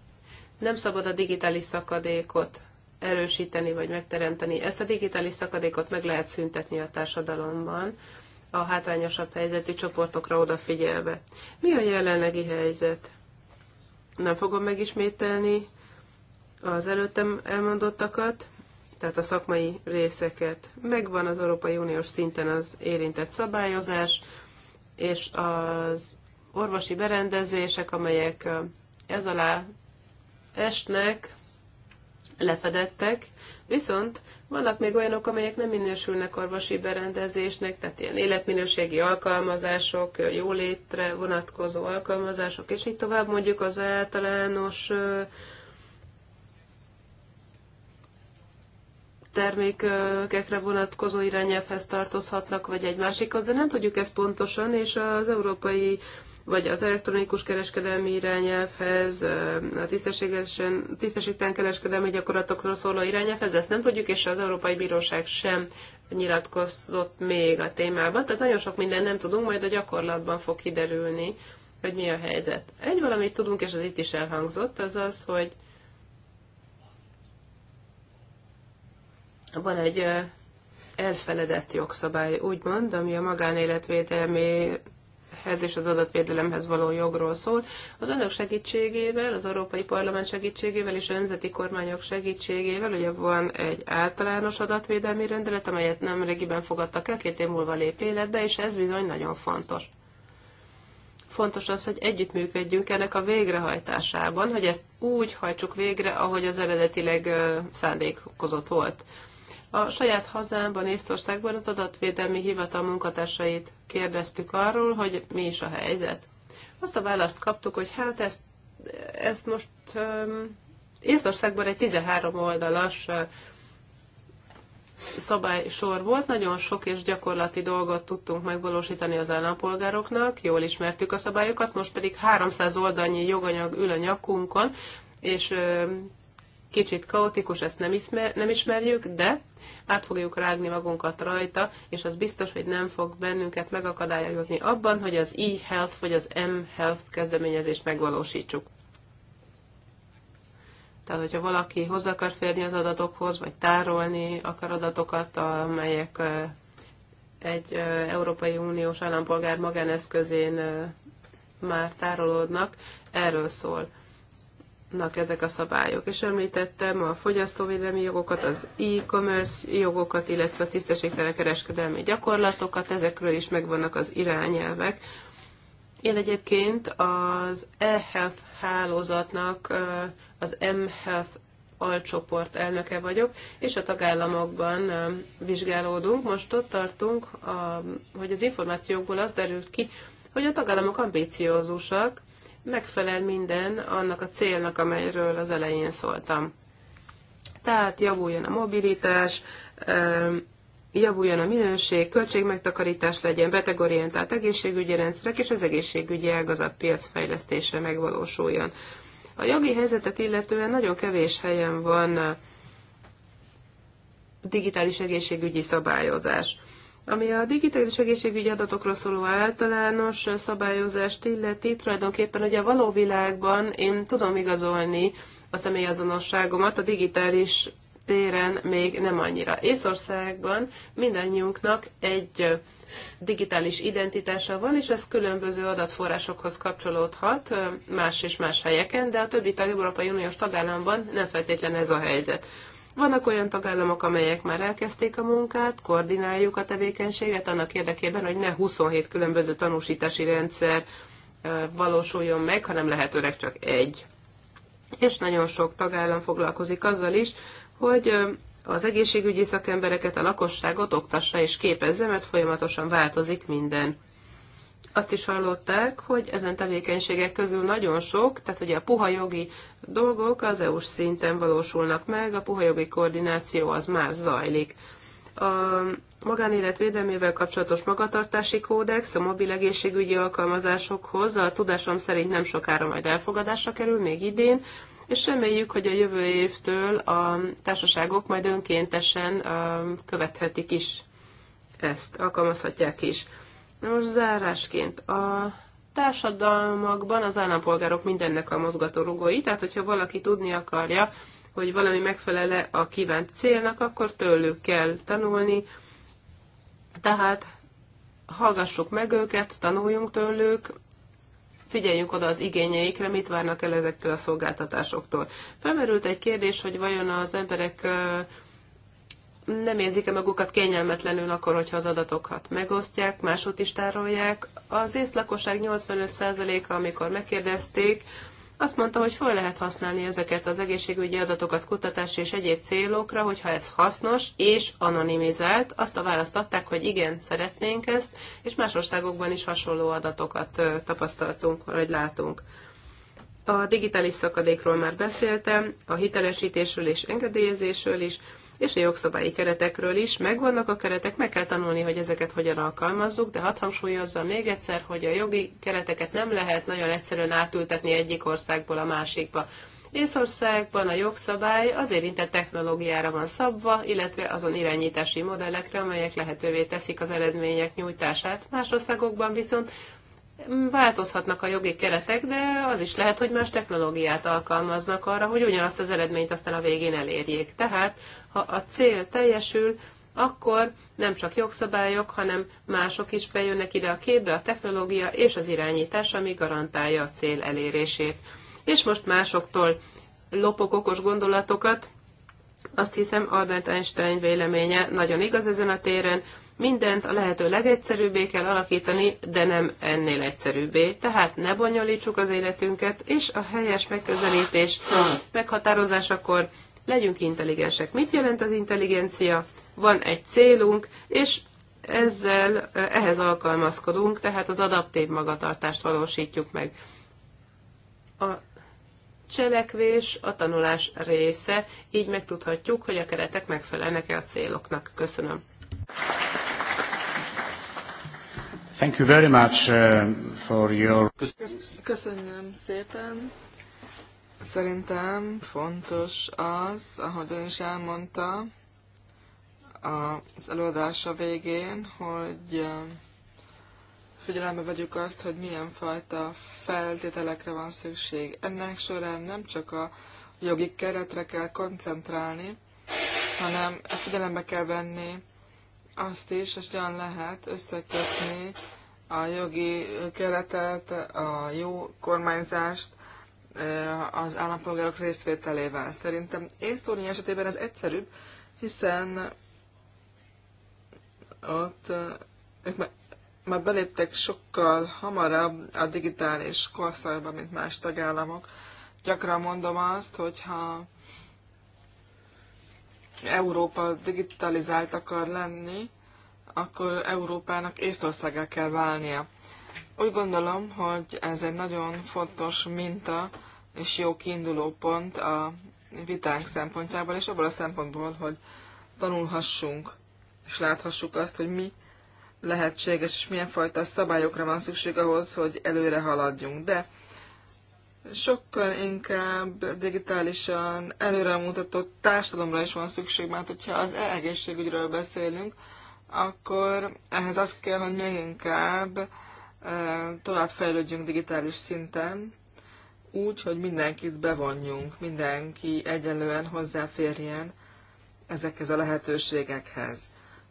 Nem szabad a digitális szakadékot erősíteni vagy megteremteni. Ezt a digitális szakadékot meg lehet szüntetni a társadalomban a hátrányosabb helyzeti csoportokra odafigyelve. Mi a jelenlegi helyzet? Nem fogom megismételni az előttem elmondottakat, tehát a szakmai részeket. Megvan az Európai Uniós szinten az érintett szabályozás, és az orvosi berendezések, amelyek ez alá esnek, lefedettek, viszont vannak még olyanok, amelyek nem minősülnek orvosi berendezésnek, tehát ilyen életminőségi alkalmazások, jólétre vonatkozó alkalmazások, és így tovább mondjuk az általános termékekre vonatkozó irányelvhez tartozhatnak, vagy egymásik, de nem tudjuk ezt pontosan, és az Európai vagy az elektronikus kereskedelmi irányelvhez, a tisztességesen, tisztességtelen kereskedelmi gyakorlatokról szóló irányelvhez, ezt nem tudjuk, és az Európai Bíróság sem nyilatkozott még a témában. Tehát nagyon sok minden nem tudunk, majd a gyakorlatban fog kiderülni, hogy mi a helyzet. Egy valamit tudunk, és az itt is elhangzott, az az, hogy van egy elfeledett jogszabály, úgymond, ami a magánélet adathez és az adatvédelemhez való jogról szól. Az önök segítségével, az Európai Parlament segítségével és a nemzeti kormányok segítségével ugye van egy általános adatvédelmi rendelet, amelyet nem régiben fogadtak el, két év múlva lép életbe, és ez bizony nagyon fontos. Fontos az, hogy együttműködjünk ennek a végrehajtásában, hogy ezt úgy hajtsuk végre, ahogy az eredetileg szándékozott volt. A saját hazámban, Észtországban az adatvédelmi hivatal munkatársait kérdeztük arról, hogy mi is a helyzet. Azt a választ kaptuk, hogy hát ezt, ezt most um, Észtországban egy 13 oldalas szabálysor volt, nagyon sok és gyakorlati dolgot tudtunk megvalósítani az állampolgároknak, jól ismertük a szabályokat, most pedig 300 oldalnyi joganyag ül a nyakunkon, és kicsit kaotikus, ezt nem, ismer, nem ismerjük, de át fogjuk rágni magunkat rajta, és az biztos, hogy nem fog bennünket megakadályozni abban, hogy az e-health vagy az m-health kezdeményezést megvalósítsuk. Tehát, hogyha valaki hozzá akar férni az adatokhoz, vagy tárolni akar adatokat, amelyek egy Európai Uniós állampolgár magáneszközén már tárolódnak, erről szól vannak ezek a szabályok. És említettem a fogyasztóvédelmi jogokat, az e-commerce jogokat, illetve a tisztességtelen kereskedelmi gyakorlatokat, ezekről is megvannak az irányelvek. Én egyébként az e-health hálózatnak az m-health alcsoport elnöke vagyok, és a tagállamokban vizsgálódunk. Most ott tartunk, hogy az információkból az derült ki, hogy a tagállamok ambíciózusak, megfelel minden annak a célnak, amelyről az elején szóltam. Tehát javuljon a mobilitás, javuljon a minőség, költségmegtakarítás legyen, betegorientált egészségügyi rendszerek és az egészségügyi ágazat piacfejlesztése megvalósuljon. A jogi helyzetet illetően nagyon kevés helyen van eh, digitális egészségügyi szabályozás. Ami a digitális egészségügyi adatokról szóló általános szabályozást illeti, tulajdonképpen ugye a való világban én tudom igazolni a személyazonosságomat a digitális téren még nem annyira. Észországban mindannyiunknak egy digitális identitása van, és ez különböző adatforrásokhoz kapcsolódhat más és más helyeken, de a többi tag Európai Uniós tagállamban nem feltétlen ez a helyzet. Vannak olyan tagállamok, amelyek már elkezdték a munkát, koordináljuk a tevékenységet annak érdekében, hogy ne 27 különböző tanúsítási rendszer valósuljon meg, hanem lehetőleg csak egy. És nagyon sok tagállam foglalkozik azzal is, hogy az egészségügyi szakembereket, a lakosságot oktassa és képezze, mert folyamatosan változik minden azt is hallották, hogy ezen tevékenységek közül nagyon sok, tehát ugye a puha jogi dolgok az EU-s szinten valósulnak meg, a puha jogi koordináció az már zajlik. A magánélet védelmével kapcsolatos magatartási kódex a mobil egészségügyi alkalmazásokhoz a tudásom szerint nem sokára majd elfogadásra kerül, még idén, és reméljük, hogy a jövő évtől a társaságok majd önkéntesen követhetik is ezt, alkalmazhatják is. Most zárásként a társadalmakban az állampolgárok mindennek a mozgatórugói, tehát hogyha valaki tudni akarja, hogy valami megfelele a kívánt célnak, akkor tőlük kell tanulni. Tehát hallgassuk meg őket, tanuljunk tőlük, figyeljünk oda az igényeikre, mit várnak el ezektől a szolgáltatásoktól. Felmerült egy kérdés, hogy vajon az emberek nem érzik-e magukat kényelmetlenül akkor, hogyha az adatokat megosztják, máshogy is tárolják. Az észlakosság 85%-a, amikor megkérdezték, azt mondta, hogy fel lehet használni ezeket az egészségügyi adatokat kutatási és egyéb célokra, hogyha ez hasznos és anonimizált. Azt a választ adták, hogy igen, szeretnénk ezt, és más országokban is hasonló adatokat tapasztaltunk, vagy látunk. A digitális szakadékról már beszéltem, a hitelesítésről és engedélyezésről is és a jogszabályi keretekről is. Megvannak a keretek, meg kell tanulni, hogy ezeket hogyan alkalmazzuk, de hadd hangsúlyozzam még egyszer, hogy a jogi kereteket nem lehet nagyon egyszerűen átültetni egyik országból a másikba. Észországban a jogszabály az érintett technológiára van szabva, illetve azon irányítási modellekre, amelyek lehetővé teszik az eredmények nyújtását. Más országokban viszont változhatnak a jogi keretek, de az is lehet, hogy más technológiát alkalmaznak arra, hogy ugyanazt az eredményt aztán a végén elérjék. Tehát ha a cél teljesül, akkor nem csak jogszabályok, hanem mások is bejönnek ide a képbe, a technológia és az irányítás, ami garantálja a cél elérését. És most másoktól lopok okos gondolatokat, azt hiszem Albert Einstein véleménye nagyon igaz ezen a téren, mindent a lehető legegyszerűbbé kell alakítani, de nem ennél egyszerűbbé. Tehát ne bonyolítsuk az életünket, és a helyes megközelítés szóval. meghatározásakor legyünk intelligensek. Mit jelent az intelligencia? Van egy célunk, és ezzel ehhez alkalmazkodunk, tehát az adaptív magatartást valósítjuk meg. A cselekvés a tanulás része, így megtudhatjuk, hogy a keretek megfelelnek-e a céloknak. Köszönöm. Thank you very much uh, for your... Köszönöm szépen Szerintem fontos az, ahogy ön is elmondta az előadása végén, hogy figyelembe vegyük azt, hogy milyen fajta feltételekre van szükség. Ennek során nem csak a jogi keretre kell koncentrálni, hanem figyelembe kell venni azt is, hogy hogyan lehet összekötni a jogi keretet, a jó kormányzást Eh, az állampolgárok részvételével. Szerintem Észtóni esetében ez egyszerűbb, hiszen ott eh, ők már beléptek sokkal hamarabb a digitális korszakba, mint más tagállamok. Gyakran mondom azt, hogyha Európa digitalizált akar lenni, akkor Európának Észtországá kell válnia. Úgy gondolom, hogy ez egy nagyon fontos minta és jó kiinduló pont a vitánk szempontjából, és abból a szempontból, hogy tanulhassunk, és láthassuk azt, hogy mi lehetséges, és milyen fajta szabályokra van szükség ahhoz, hogy előre haladjunk. De sokkal inkább digitálisan előremutató társadalomra is van szükség, mert hogyha az egészségügyről beszélünk, akkor ehhez az kell, hogy még inkább továbbfejlődjünk digitális szinten, úgy, hogy mindenkit bevonjunk, mindenki egyenlően hozzáférjen ezekhez a lehetőségekhez.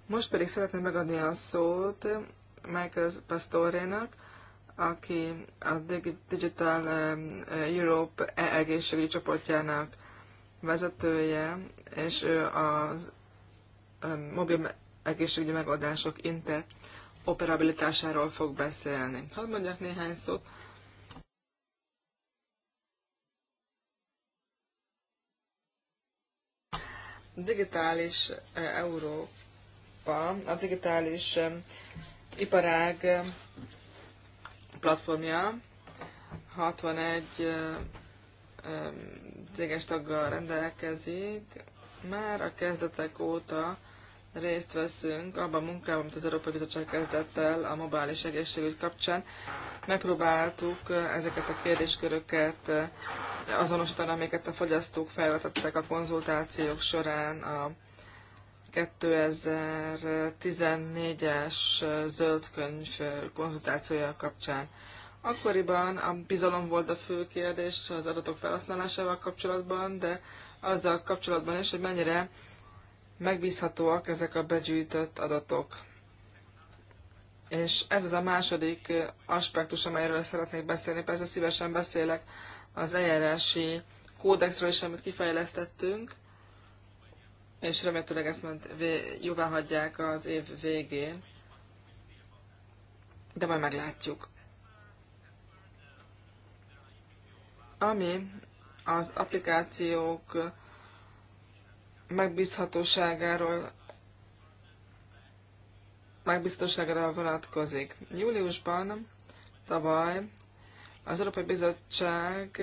Most pedig szeretném megadni a szót Michael Pastorénak, aki a Digital Europe e- egészségügyi csoportjának vezetője, és ő a mobil egészségügyi megoldások inter Operabilitásáról fog beszélni. Hadd mondjak néhány szót. A Digitális eh, Európa, a digitális eh, iparág eh, platformja 61 céges taggal rendelkezik. Már a kezdetek óta részt veszünk abban a munkában, amit az Európai Bizottság kezdett el a mobális egészségügy kapcsán. Megpróbáltuk ezeket a kérdésköröket azonosítani, amiket a fogyasztók felvetettek a konzultációk során a 2014-es zöldkönyv konzultációja kapcsán. Akkoriban a bizalom volt a fő kérdés az adatok felhasználásával kapcsolatban, de azzal kapcsolatban is, hogy mennyire megbízhatóak ezek a begyűjtött adatok. És ez az a második aspektus, amelyről szeretnék beszélni. Persze szívesen beszélek az eljárási kódexről is, amit kifejlesztettünk, és remélhetőleg ezt majd jóvá hagyják az év végén. De majd meglátjuk. Ami az applikációk megbízhatóságáról megbízhatóságára vonatkozik. Júliusban tavaly az Európai Bizottság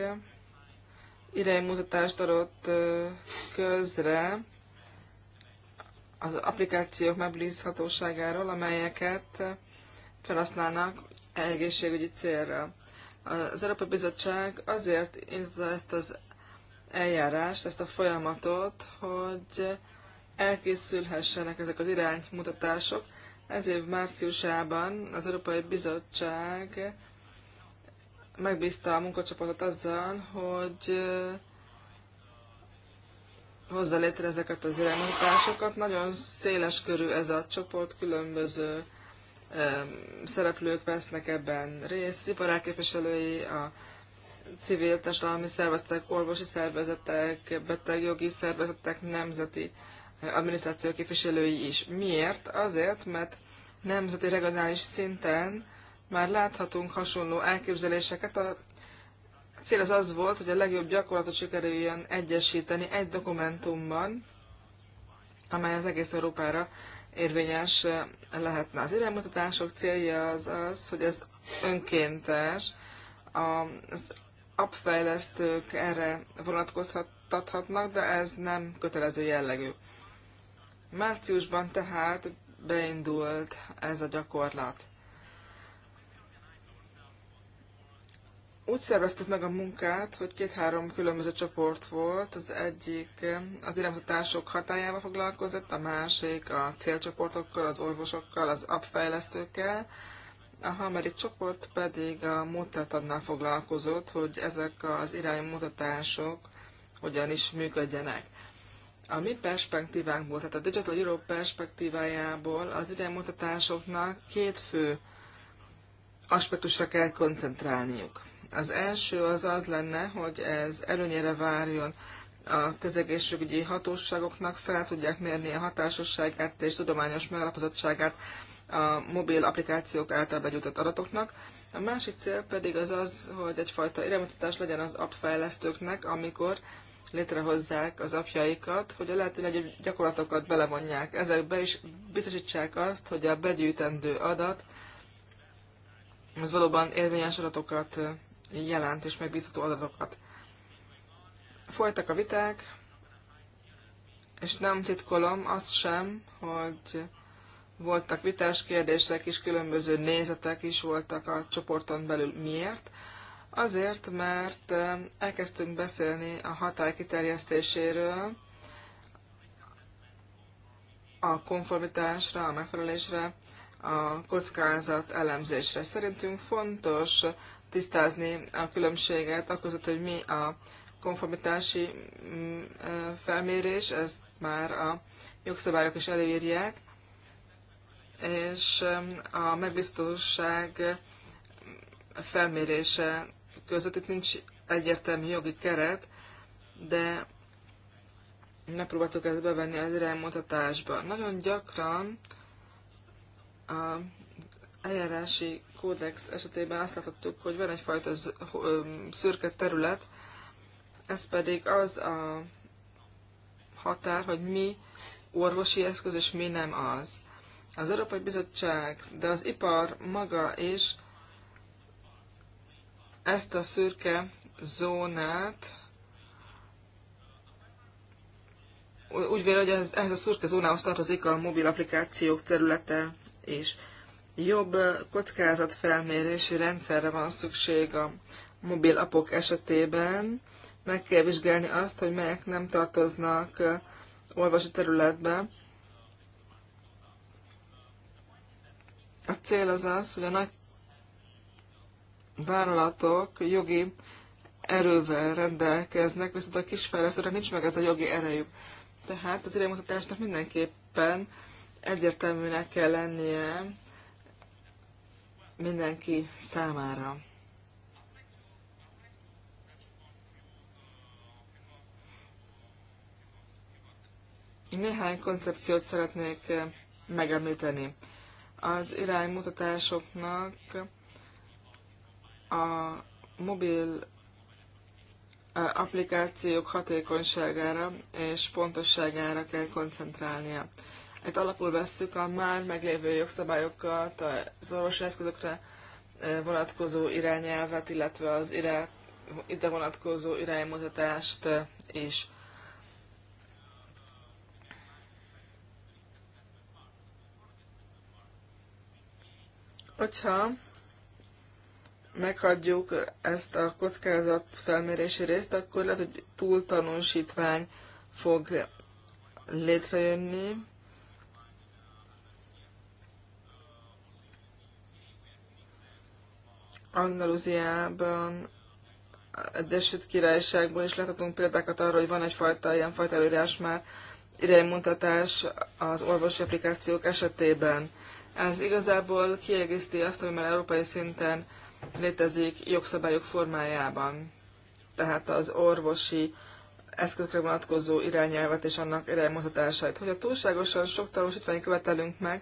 iránymutatást adott közre az applikációk megbízhatóságáról, amelyeket felhasználnak egészségügyi célra. Az Európai Bizottság azért indította ezt az eljárást, ezt a folyamatot, hogy elkészülhessenek ezek az iránymutatások. Ez év márciusában az Európai Bizottság megbízta a munkacsoportot azzal, hogy eh, hozza létre ezeket az iránymutatásokat. Nagyon széles körű ez a csoport, különböző eh, szereplők vesznek ebben részt, iparág képviselői, a civil társadalmi szervezetek, orvosi szervezetek, betegjogi szervezetek, nemzeti eh, adminisztráció képviselői is. Miért? Azért, mert nemzeti regionális szinten már láthatunk hasonló elképzeléseket. A cél az az volt, hogy a legjobb gyakorlatot sikerüljön egyesíteni egy dokumentumban, amely az egész Európára érvényes eh, lehetne. Az iránymutatások célja az az, hogy ez önkéntes, az appfejlesztők erre vonatkozhatnak, de ez nem kötelező jellegű. Márciusban tehát beindult ez a gyakorlat. Úgy szerveztük meg a munkát, hogy két-három különböző csoport volt. Az egyik az iránymutatások hatájával foglalkozott, a másik a célcsoportokkal, az orvosokkal, az appfejlesztőkkel, fejlesztőkkel a harmadik csoport pedig a módszertannal foglalkozott, hogy ezek az iránymutatások hogyan is működjenek. A mi perspektívánkból, tehát a Digital Europe perspektívájából az iránymutatásoknak két fő aspektusra kell koncentrálniuk. Az első az az lenne, hogy ez előnyére várjon a közegészségügyi hatóságoknak, fel tudják mérni a hatásosságát és tudományos megalapozottságát a mobil applikációk által begyújtott adatoknak. A másik cél pedig az az, hogy egyfajta iránymutatás legyen az appfejlesztőknek, amikor létrehozzák az apjaikat, hogy a lehető legjobb gyakorlatokat belevonják ezekbe, és biztosítsák azt, hogy a begyűjtendő adat az valóban érvényes adatokat jelent, és megbízható adatokat. Folytak a viták, és nem titkolom azt sem, hogy voltak vitás kérdések is, különböző nézetek is voltak a csoporton belül. Miért? Azért, mert elkezdtünk beszélni a hatály kiterjesztéséről, a konformitásra, a megfelelésre, a kockázat elemzésre. Szerintünk fontos tisztázni a különbséget, aközött, hogy mi a konformitási mm, felmérés, ezt már a jogszabályok is előírják, és a megbiztosság felmérése között itt nincs egyértelmű jogi keret, de megpróbáltuk ezt bevenni az iránymutatásba. Nagyon gyakran a eljárási kódex esetében azt láthattuk, hogy van egyfajta szürke terület, ez pedig az a határ, hogy mi orvosi eszköz, és mi nem az az Európai Bizottság, de az ipar maga is ezt a szürke zónát úgy vél, hogy ez, ez a szürke zónához tartozik a mobil applikációk területe is. Jobb kockázatfelmérési rendszerre van szükség a mobil apok esetében. Meg kell vizsgálni azt, hogy melyek nem tartoznak olvasó területbe, A cél az az, hogy a nagy vállalatok jogi erővel rendelkeznek, viszont a kisfejlesztőknek nincs meg ez a jogi erejük. Tehát az iránymutatásnak mindenképpen egyértelműnek kell lennie mindenki számára. Néhány koncepciót szeretnék megemlíteni az iránymutatásoknak a mobil applikációk hatékonyságára és pontosságára kell koncentrálnia. Itt alapul vesszük a már meglévő jogszabályokat, az orvosi eszközökre vonatkozó irányelvet, illetve az ide vonatkozó iránymutatást is. Hogyha meghagyjuk ezt a kockázat felmérési részt, akkor lehet, hogy tanúsítvány fog létrejönni. Andaluziában, Egyesült Királyságból is láthatunk példákat arra, hogy van egyfajta fajta előírás már iránymutatás az orvosi applikációk esetében. Ez igazából kiegészíti azt, ami már európai szinten létezik jogszabályok formájában. Tehát az orvosi eszközökre vonatkozó irányelvet és annak iránymutatásait. Hogyha túlságosan sok tanúsítványt követelünk meg,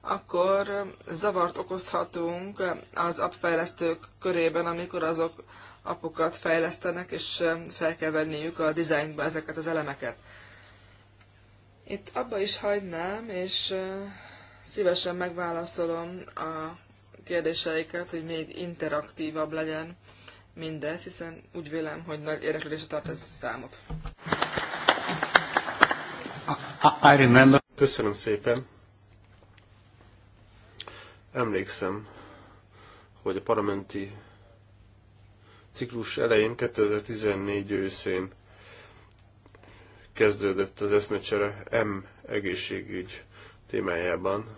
akkor zavart okozhatunk az appfejlesztők körében, amikor azok apokat fejlesztenek, és fel kell venniük a dizájnba ezeket az elemeket. Itt abba is hagynám, és Szívesen megválaszolom a kérdéseiket, hogy még interaktívabb legyen mindez, hiszen úgy vélem, hogy nagy érdeklődésre tart ez számot. I remember. Köszönöm szépen. Emlékszem, hogy a parlamenti ciklus elején, 2014 őszén kezdődött az eszmecsere M egészségügy témájában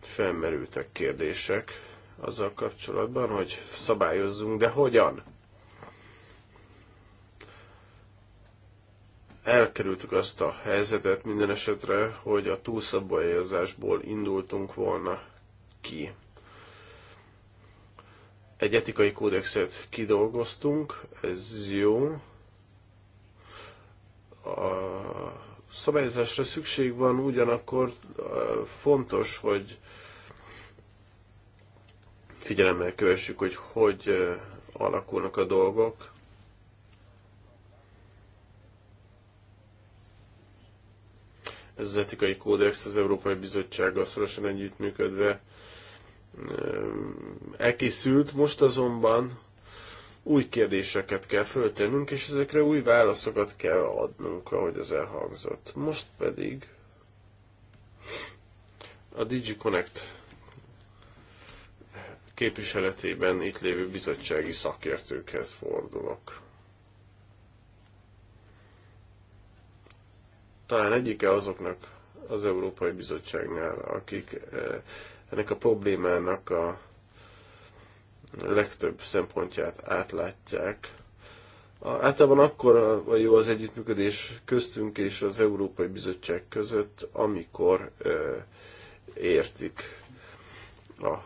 felmerültek kérdések azzal kapcsolatban, hogy szabályozzunk, de hogyan? Elkerültük azt a helyzetet minden esetre, hogy a túlszabályozásból indultunk volna ki egy etikai kódexet kidolgoztunk, ez jó. A, szabályozásra szükség van, ugyanakkor fontos, hogy figyelemmel kövessük, hogy hogy alakulnak a dolgok. Ez az etikai kódex az Európai Bizottsággal szorosan együttműködve elkészült, most azonban új kérdéseket kell föltennünk, és ezekre új válaszokat kell adnunk, ahogy az elhangzott. Most pedig a DigiConnect képviseletében itt lévő bizottsági szakértőkhez fordulok. Talán egyike azoknak az Európai Bizottságnál, akik eh, ennek a problémának a legtöbb szempontját átlátják. Általában akkor a jó az együttműködés köztünk és az Európai Bizottság között, amikor értik a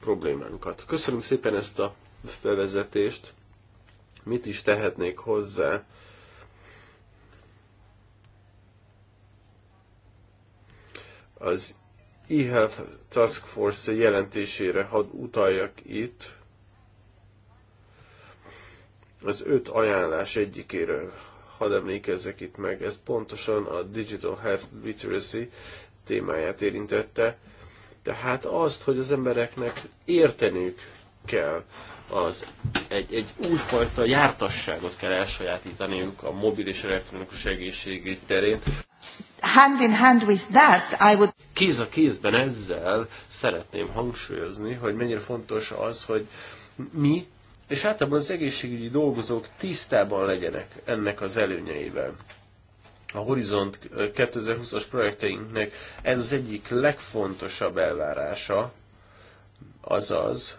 problémánkat. Köszönöm szépen ezt a bevezetést. Mit is tehetnék hozzá? Az e-health task force jelentésére had utaljak itt az öt ajánlás egyikéről hadd emlékezzek itt meg. Ez pontosan a Digital Health Literacy témáját érintette. Tehát azt, hogy az embereknek értenük kell, az egy, egy újfajta jártasságot kell elsajátítaniuk a mobil és elektronikus egészségügy terén hand in hand with that, I would... Kéz a kézben ezzel szeretném hangsúlyozni, hogy mennyire fontos az, hogy mi, és általában az egészségügyi dolgozók tisztában legyenek ennek az előnyeivel. A Horizont 2020-as projekteinknek ez az egyik legfontosabb elvárása, azaz,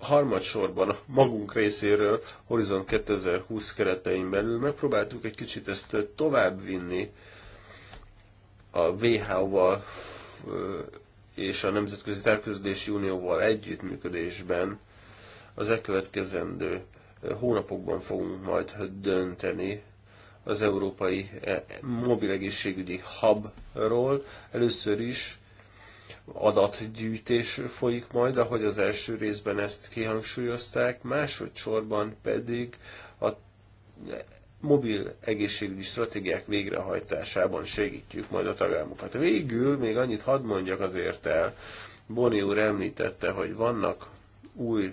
harmadsorban magunk részéről Horizon 2020 keretein belül megpróbáltuk egy kicsit ezt továbbvinni a WHO-val és a Nemzetközi Tárközlési Unióval együttműködésben az elkövetkezendő hónapokban fogunk majd dönteni az Európai e, Mobilegészségügyi Hubról. Először is adatgyűjtés folyik majd, ahogy az első részben ezt kihangsúlyozták, másodszorban pedig a mobil egészségügyi stratégiák végrehajtásában segítjük majd a tagállamokat. Végül még annyit hadd mondjak azért el, Boni úr említette, hogy vannak új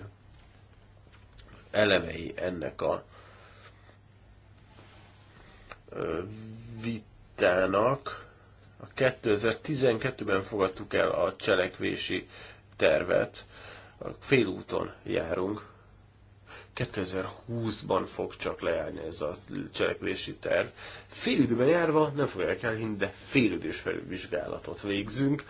elemei ennek a vitának, a 2012-ben fogadtuk el a cselekvési tervet, A félúton járunk. 2020-ban fog csak lejárni ez a cselekvési terv. időben járva nem fogják elhinni, de idős felülvizsgálatot végzünk.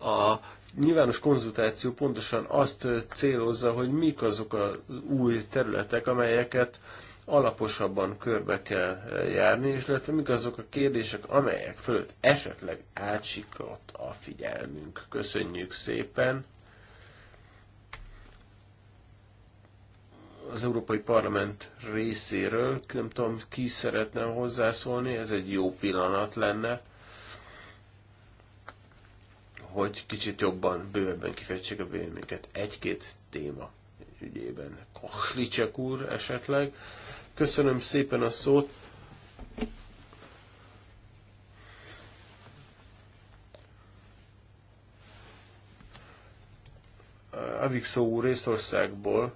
A nyilvános konzultáció pontosan azt célozza, hogy mik azok a az új területek, amelyeket alaposabban körbe kell eh, járni, és lehet, mik azok a kérdések, amelyek fölött esetleg átsiklott a figyelmünk. Köszönjük szépen! Az Európai Parlament részéről, nem tudom, ki szeretne hozzászólni, ez egy jó pillanat lenne, hogy kicsit jobban, bővebben kifejtsék a véleményeket egy-két téma ügyében. Kachlicek úr esetleg. Köszönöm szépen a szót. Avixó úr Részországból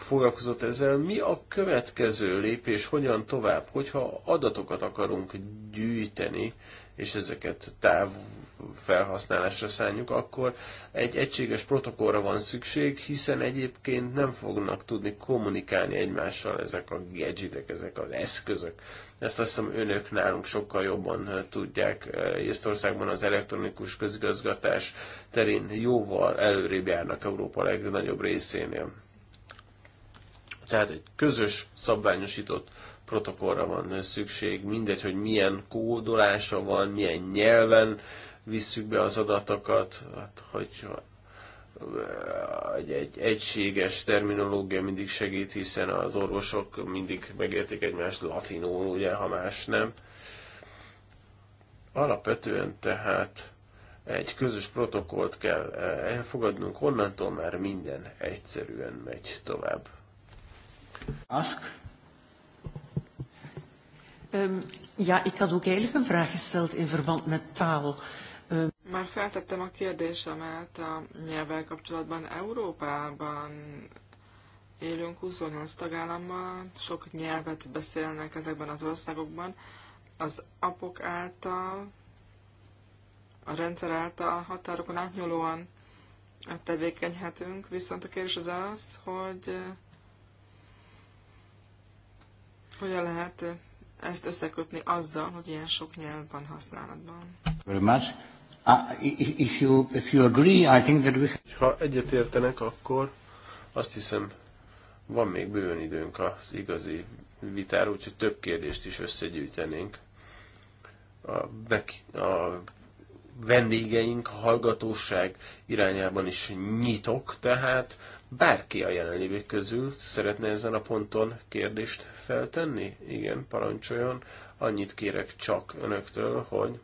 foglalkozott ezzel. Mi a következő lépés, hogyan tovább, hogyha adatokat akarunk gyűjteni, és ezeket táv felhasználásra szánjuk, akkor egy egységes protokollra van szükség, hiszen egyébként nem fognak tudni kommunikálni egymással ezek a gadgetek, ezek az eszközök. Ezt azt hiszem önök nálunk sokkal jobban tudják. Észtországban az elektronikus közigazgatás terén jóval előrébb járnak Európa legnagyobb részénél. Tehát egy közös szabványosított protokollra van szükség, mindegy, hogy milyen kódolása van, milyen nyelven visszük be az adatokat, hát, hogy egy, egy egységes terminológia mindig segít, hiszen az orvosok mindig megértik egymást latinul, ugye, ha más nem. Alapvetően tehát egy közös protokollt kell elfogadnunk, onnantól már minden egyszerűen megy tovább. Ask. Um, ja, ik had ook eigenlijk een vraag gesteld in verband met taal. Um... Már feltettem a kérdésemet a nyelvvel kapcsolatban. Európában élünk 28 tagállamban, sok nyelvet beszélnek ezekben az országokban. Az apok által, a rendszer által határokon átnyúlóan tevékenyhetünk, viszont a kérdés az az, hogy hogyan lehet ezt összekötni azzal, hogy ilyen sok nyelv van használatban. Very much. Ah, if you, if you agree, I think that we... Ha egyetértenek, akkor azt hiszem, van még bőven időnk az igazi vitára, úgyhogy több kérdést is összegyűjtenénk. A, bek, a vendégeink, a hallgatóság irányában is nyitok, tehát Bárki a jelenlévők közül szeretne ezen a ponton kérdést feltenni? Igen, parancsoljon. Annyit kérek csak önöktől, hogy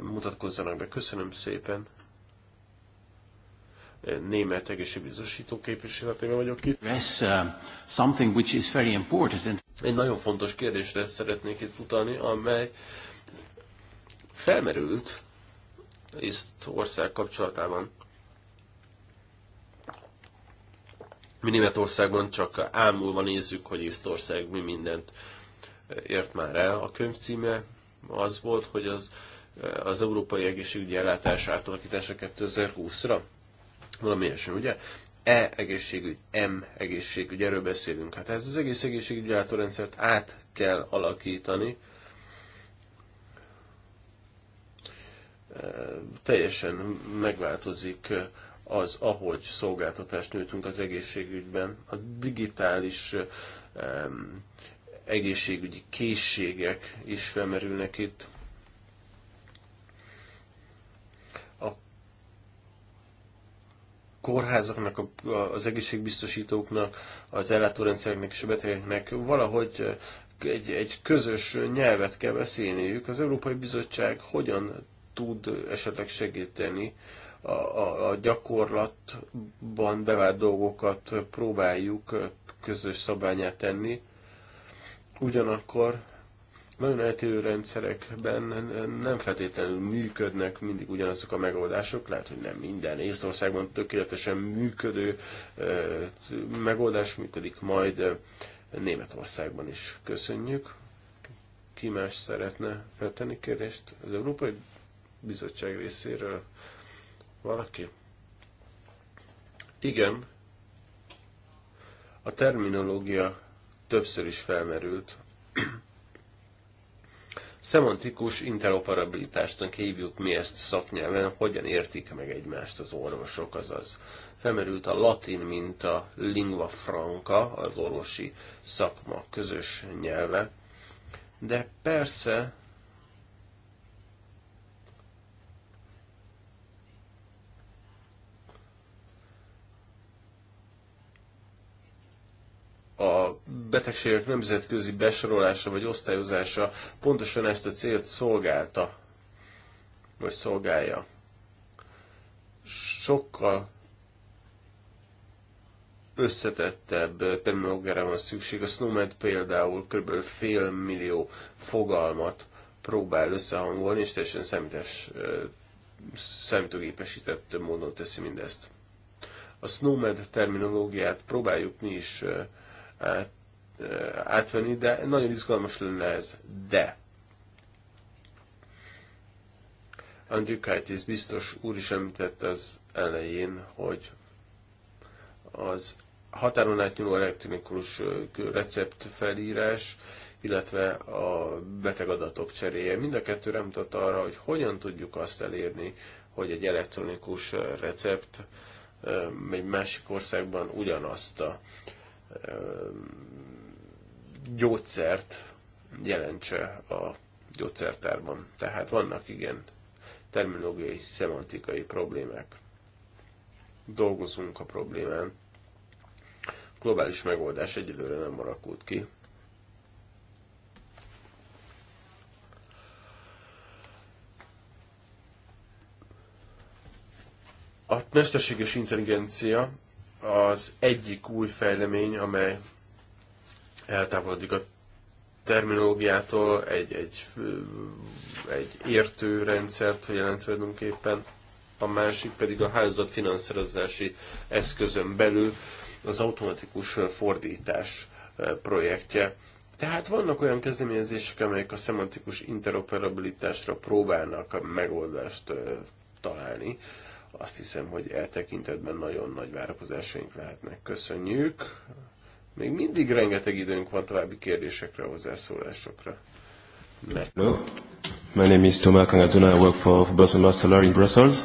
mutatkozzanak be. Köszönöm szépen. Német egészségbiztosító képviseletében vagyok itt. Yes, uh, something which is very important. Egy nagyon fontos kérdésre szeretnék itt utalni, amely felmerült Észtország kapcsolatában Mi Németországban csak ámulva nézzük, hogy Észtország mi mindent ért már el. A könyv címe az volt, hogy az, az európai egészségügyi ellátás átalakítása 2020-ra. Valami ilyesmi, ugye? E egészségügy, M egészségügy, erről beszélünk. Hát ez az egész egészségügyi ellátórendszert át kell alakítani. Teljesen megváltozik az, ahogy szolgáltatást nyújtunk az egészségügyben, a digitális um, egészségügyi készségek is felmerülnek itt. A kórházaknak, az egészségbiztosítóknak, az ellátórendszereknek és a betegeknek valahogy egy, egy közös nyelvet kell beszélniük. Az Európai Bizottság hogyan tud esetleg segíteni a, a, a gyakorlatban bevált dolgokat próbáljuk közös szabványát tenni. Ugyanakkor nagyon eltérő rendszerekben nem feltétlenül működnek mindig ugyanazok a megoldások, lehet, hogy nem minden Észtországban tökéletesen működő megoldás működik majd Németországban is. Köszönjük. Ki más szeretne feltenni kérdést? Az Európai Bizottság részéről valaki? Igen, a terminológia többször is felmerült. Szemantikus interoperabilitásnak hívjuk mi ezt szaknyelven, hogyan értik meg egymást az orvosok, azaz. Felmerült a latin, mint a lingua franca, az orvosi szakma közös nyelve, de persze a betegségek nemzetközi besorolása vagy osztályozása pontosan ezt a célt szolgálta, vagy szolgálja. Sokkal összetettebb terminológiára van szükség. A SNOMED például kb. fél millió fogalmat próbál összehangolni, és teljesen számítás, számítógépesített módon teszi mindezt. A SNOMED terminológiát próbáljuk mi is át, eh, átvenni, de nagyon izgalmas lenne ez. De Andrukaitis biztos úr is említette az elején, hogy az határon átnyúló elektronikus eh, recept felírás, illetve a betegadatok cseréje. Mind a kettő remutat arra, hogy hogyan tudjuk azt elérni, hogy egy elektronikus eh, recept egy másik országban ugyanazt a gyógyszert jelentse a gyógyszertárban. Tehát vannak igen terminológiai, szemantikai problémák. Dolgozunk a problémán. Globális megoldás egyelőre nem alakult ki. A mesterséges intelligencia az egyik új fejlemény, amely eltávolodik a terminológiától, egy, egy, egy értő rendszert jelent tulajdonképpen, a másik pedig a hálózat finanszírozási eszközön belül az automatikus fordítás projektje. Tehát vannak olyan kezdeményezések, amelyek a szemantikus interoperabilitásra próbálnak a megoldást találni. Azt hiszem, hogy eltekintetben nagyon nagy várakozásaink lehetnek. Köszönjük! Még mindig rengeteg időnk van további kérdésekre, hozzászólásokra. Ne. Hello, my name is Thomas Kangatuna, I work for Brussels Master in Brussels.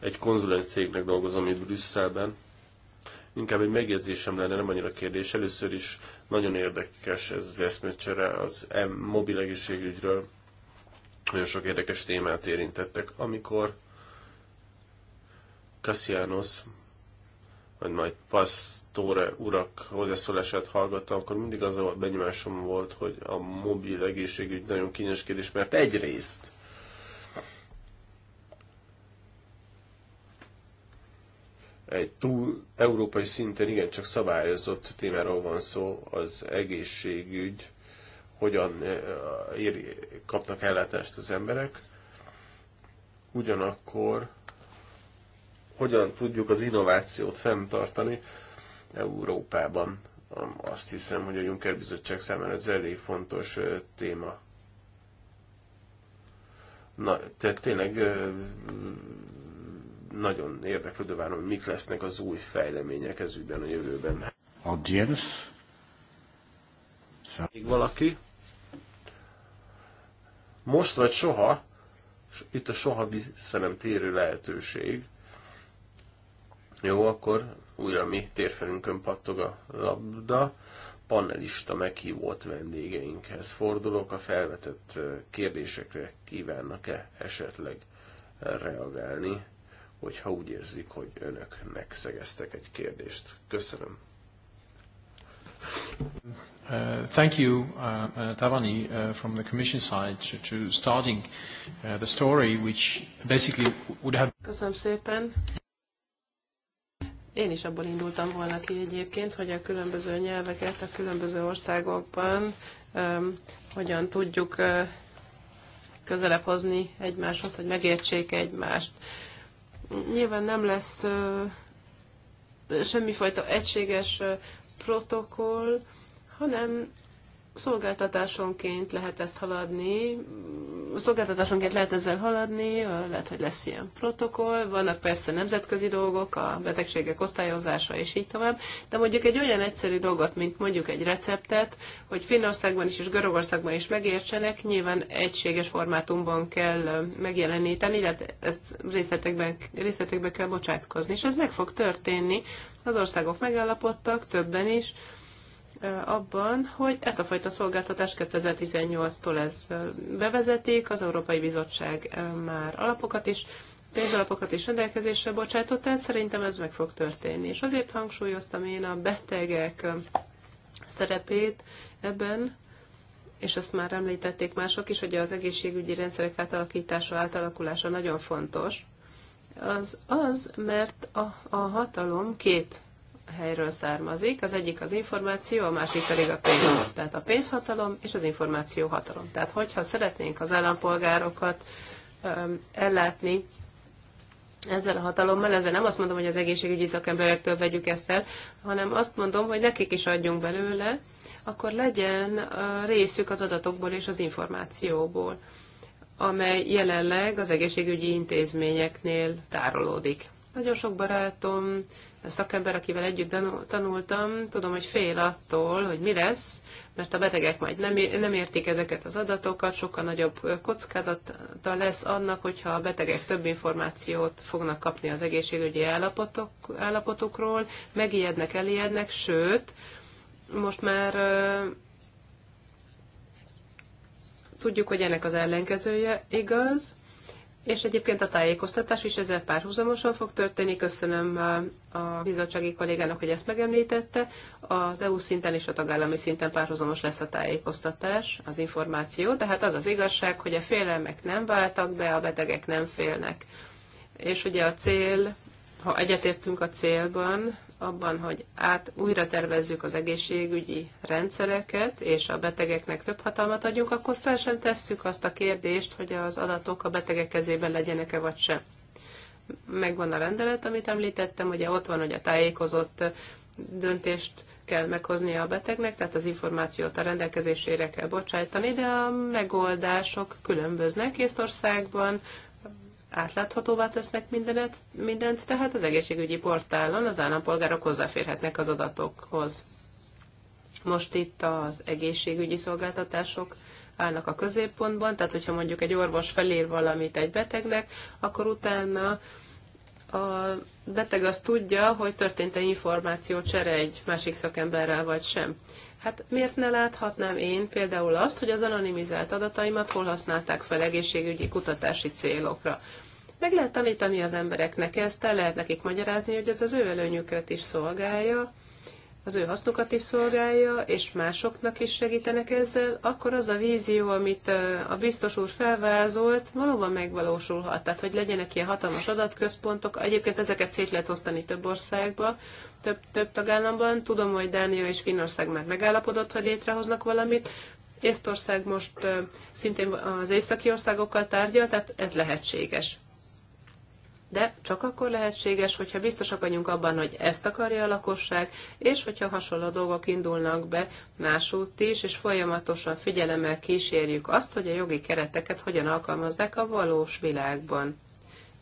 Egy konzulens cégnek dolgozom itt Brüsszelben. Inkább egy megjegyzésem lenne, nem annyira kérdés. Először is nagyon érdekes ez az eszmecsere az M mobil egészségügyről, nagyon sok érdekes témát érintettek. Amikor Cassianos, vagy majd Pastore urak hozzászólását hallgattam, akkor mindig az a benyomásom volt, hogy a mobil egészségügy nagyon kényes kérdés, mert egyrészt egy túl európai szinten igencsak szabályozott témáról van szó, az egészségügy hogyan ér, eh, kapnak ellátást az emberek, ugyanakkor hogyan tudjuk az innovációt fenntartani Európában. Azt hiszem, hogy a Juncker Bizottság számára ez elég fontos eh, téma. Na, tehát tényleg eh, nagyon érdeklődő várom, hogy mik lesznek az új fejlemények ez ügyben a jövőben. Audience? Még valaki? Most vagy soha, itt a soha térő lehetőség. Jó, akkor újra mi térfelünkön pattog a labda. Panelista meghívott vendégeinkhez fordulok, a felvetett kérdésekre kívánnak-e esetleg reagálni, hogyha úgy érzik, hogy önöknek szegeztek egy kérdést. Köszönöm. Uh, thank you, uh, uh, Tavani, uh, from the Commission side to, to starting uh, the story, which basically would have... Köszönöm szépen. Én is abból indultam volna ki egyébként, hogy a különböző nyelveket a különböző országokban um, hogyan tudjuk uh, közelebb hozni egymáshoz, hogy megértsék egymást. Nyilván nem lesz uh, semmifajta egységes uh, protokoll, hanem szolgáltatásonként lehet ezt haladni, szolgáltatásonként lehet ezzel haladni, lehet, hogy lesz ilyen protokoll, vannak persze nemzetközi dolgok, a betegségek osztályozása és így tovább, de mondjuk egy olyan egyszerű dolgot, mint mondjuk egy receptet, hogy Finnországban is és Görögországban is megértsenek, nyilván egységes formátumban kell megjeleníteni, illetve hát ezt részletekben, részletekbe kell bocsátkozni, és ez meg fog történni, az országok megállapodtak, többen is, abban, hogy ezt a fajta szolgáltatást 2018-tól ez bevezetik, az Európai Bizottság már alapokat is, pénzalapokat is rendelkezésre bocsátott, el. szerintem ez meg fog történni. És azért hangsúlyoztam én a betegek szerepét ebben, és azt már említették mások is, hogy az egészségügyi rendszerek átalakítása, átalakulása nagyon fontos, az az, mert a, a hatalom két helyről származik. Az egyik az információ, a másik pedig a pénz. Tehát a pénzhatalom és az információ hatalom. Tehát hogyha szeretnénk az állampolgárokat ellátni ezzel a hatalommal, ezzel nem azt mondom, hogy az egészségügyi szakemberektől vegyük ezt el, hanem azt mondom, hogy nekik is adjunk belőle, akkor legyen részük az adatokból és az információból, amely jelenleg az egészségügyi intézményeknél tárolódik. Nagyon sok barátom, szakember, akivel együtt tanultam, tudom, hogy fél attól, hogy mi lesz, mert a betegek majd nem, nem értik ezeket az adatokat, sokkal nagyobb kockázata lesz annak, hogyha a betegek több információt fognak kapni az egészségügyi állapotok, állapotokról, megijednek, elijednek, sőt, most már tudjuk, hogy ennek az ellenkezője igaz, és egyébként a tájékoztatás is ezzel párhuzamosan fog történni. Köszönöm uh, a bizottsági kollégának, hogy ezt megemlítette. Az EU szinten és a tagállami szinten párhuzamos lesz a tájékoztatás, az információ. Tehát az az igazság, hogy a félelmek nem váltak be, a betegek nem félnek. És ugye a cél, ha egyetértünk a célban, abban, hogy át újra tervezzük az egészségügyi rendszereket, és a betegeknek több hatalmat adjunk, akkor fel sem tesszük azt a kérdést, hogy az adatok a betegek kezében legyenek-e vagy sem. Megvan a rendelet, amit említettem, ugye ott van, hogy a tájékozott döntést kell meghoznia a betegnek, tehát az információt a rendelkezésére kell bocsájtani, de a megoldások különböznek. Észtországban átláthatóvá tesznek mindenet, mindent, tehát az egészségügyi portálon az állampolgárok hozzáférhetnek az adatokhoz. Most itt az egészségügyi szolgáltatások állnak a középpontban, tehát hogyha mondjuk egy orvos felír valamit egy betegnek, akkor utána a beteg azt tudja, hogy történt-e információ csere egy másik szakemberrel vagy sem. Hát miért ne láthatnám én például azt, hogy az anonimizált adataimat hol használták fel egészségügyi kutatási célokra? Meg lehet tanítani az embereknek ezt, el lehet nekik magyarázni, hogy ez az ő előnyüket is szolgálja, az ő hasznukat is szolgálja, és másoknak is segítenek ezzel, akkor az a vízió, amit a biztos úr felvázolt, valóban megvalósulhat. Tehát, hogy legyenek ilyen hatalmas adatközpontok. Egyébként ezeket szét lehet osztani több országba, több, több tagállamban. Tudom, hogy Dánia és Finnország már megállapodott, hogy létrehoznak valamit. Észtország most szintén az északi országokkal tárgyal, tehát ez lehetséges de csak akkor lehetséges, hogyha biztosak vagyunk abban, hogy ezt akarja a lakosság, és hogyha hasonló dolgok indulnak be másút is, és folyamatosan figyelemmel kísérjük azt, hogy a jogi kereteket hogyan alkalmazzák a valós világban.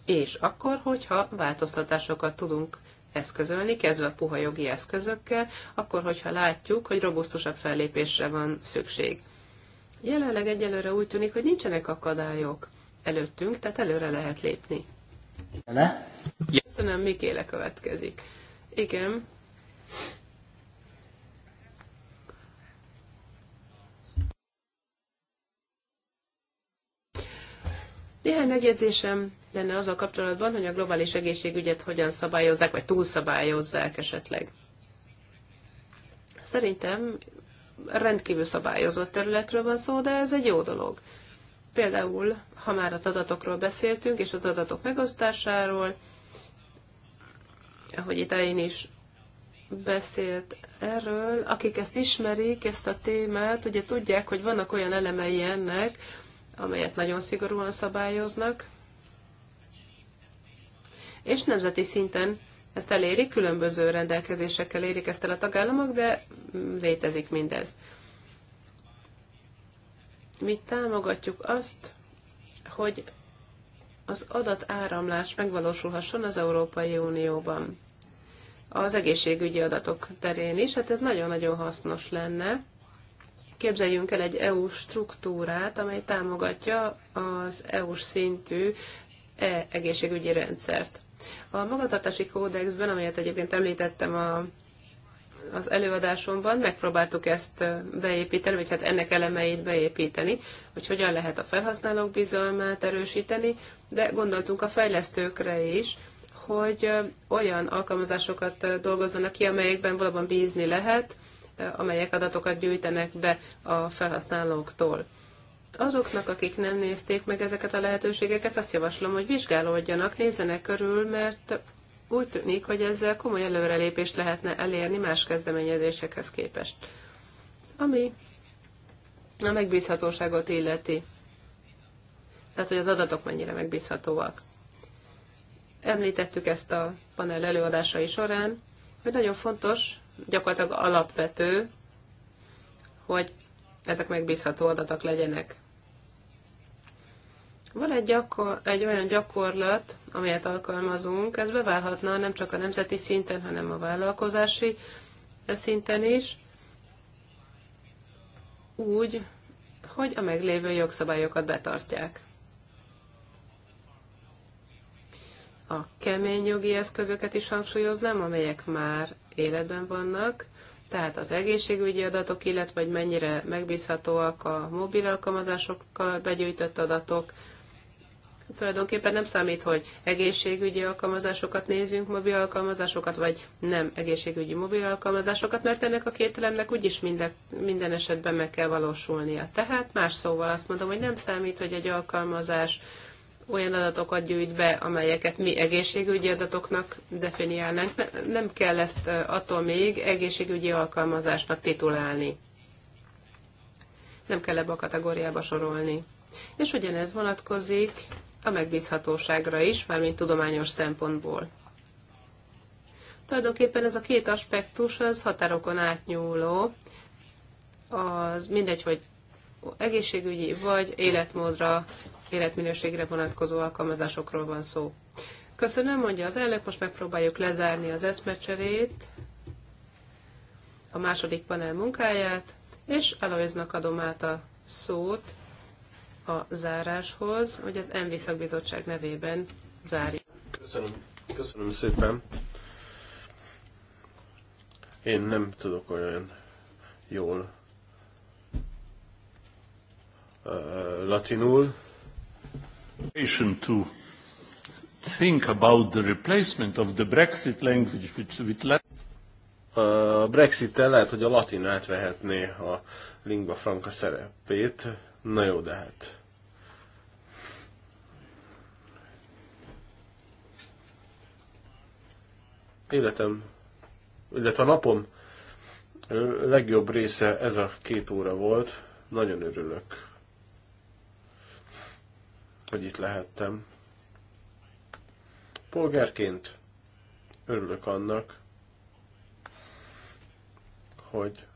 És akkor, hogyha változtatásokat tudunk eszközölni, kezdve a puha jogi eszközökkel, akkor, hogyha látjuk, hogy robusztusabb fellépésre van szükség. Jelenleg egyelőre úgy tűnik, hogy nincsenek akadályok előttünk, tehát előre lehet lépni. Ne? Köszönöm, Mikéle következik. Igen. Néhány megjegyzésem lenne a kapcsolatban, hogy a globális egészségügyet hogyan szabályozzák, vagy túlszabályozzák esetleg. Szerintem rendkívül szabályozott területről van szó, de ez egy jó dolog. Például, ha már az adatokról beszéltünk, és az adatok megosztásáról, ahogy itt én is beszélt erről, akik ezt ismerik, ezt a témát, ugye tudják, hogy vannak olyan elemei ennek, amelyet nagyon szigorúan szabályoznak, és nemzeti szinten ezt elérik, különböző rendelkezésekkel érik ezt el a tagállamok, de létezik mindez. Mi támogatjuk azt, hogy az adatáramlás megvalósulhasson az Európai Unióban. Az egészségügyi adatok terén is, hát ez nagyon-nagyon hasznos lenne. Képzeljünk el egy EU struktúrát, amely támogatja az EU-s szintű e egészségügyi rendszert. A magatartási kódexben, amelyet egyébként említettem a az előadásomban megpróbáltuk ezt beépíteni, vagy hát ennek elemeit beépíteni, hogy hogyan lehet a felhasználók bizalmát erősíteni, de gondoltunk a fejlesztőkre is, hogy olyan alkalmazásokat dolgozzanak ki, amelyekben valóban bízni lehet, amelyek adatokat gyűjtenek be a felhasználóktól. Azoknak, akik nem nézték meg ezeket a lehetőségeket, azt javaslom, hogy vizsgálódjanak, nézzenek körül, mert úgy tűnik, hogy ezzel komoly előrelépést lehetne elérni más kezdeményezésekhez képest. Ami a megbízhatóságot illeti. Tehát, hogy az adatok mennyire megbízhatóak. Említettük ezt a panel előadásai során, hogy nagyon fontos, gyakorlatilag alapvető, hogy ezek megbízható adatok legyenek. Van egy, gyakor, egy olyan gyakorlat, amelyet alkalmazunk, ez beválhatna nem csak a nemzeti szinten, hanem a vállalkozási szinten is, úgy, hogy a meglévő jogszabályokat betartják. A kemény jogi eszközöket is hangsúlyoznám, amelyek már életben vannak, tehát az egészségügyi adatok, illetve hogy mennyire megbízhatóak a mobil alkalmazásokkal begyűjtött adatok, tulajdonképpen nem számít, hogy egészségügyi alkalmazásokat nézünk, mobil alkalmazásokat, vagy nem egészségügyi mobil alkalmazásokat, mert ennek a két elemnek úgyis minden, minden esetben meg kell valósulnia. Tehát más szóval azt mondom, hogy nem számít, hogy egy alkalmazás olyan adatokat gyűjt be, amelyeket mi egészségügyi adatoknak definiálnánk. Nem kell ezt attól még egészségügyi alkalmazásnak titulálni. Nem kell ebbe a kategóriába sorolni. És ugyanez vonatkozik a megbízhatóságra is, mármint tudományos szempontból. Tulajdonképpen ez a két aspektus az határokon átnyúló, az mindegy, hogy egészségügyi vagy életmódra, életminőségre vonatkozó alkalmazásokról van szó. Köszönöm, mondja az elnök, most megpróbáljuk lezárni az eszmecserét, a második panel munkáját, és Aloiznak adom át a szót, a záráshoz, hogy az MV szakbizottság nevében zárja. Köszönöm. Köszönöm szépen. Én nem tudok olyan jól uh, latinul. To think about the replacement of the Brexit language with, with Latin. A Brexit-tel lehet, hogy a latin átvehetné a lingua franca szerepét, Na jó, de hát. Életem, illetve a napom legjobb része ez a két óra volt. Nagyon örülök, hogy itt lehettem. Polgárként örülök annak, hogy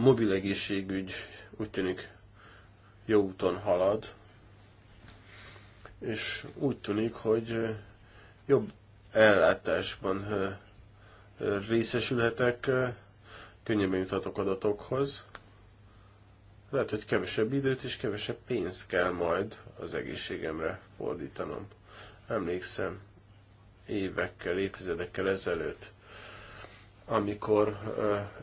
mobil egészségügy úgy tűnik jó úton halad, és úgy tűnik, hogy jobb ellátásban részesülhetek, könnyebben juthatok adatokhoz. Lehet, hogy kevesebb időt és kevesebb pénzt kell majd az egészségemre fordítanom. Emlékszem, évekkel, évtizedekkel ezelőtt amikor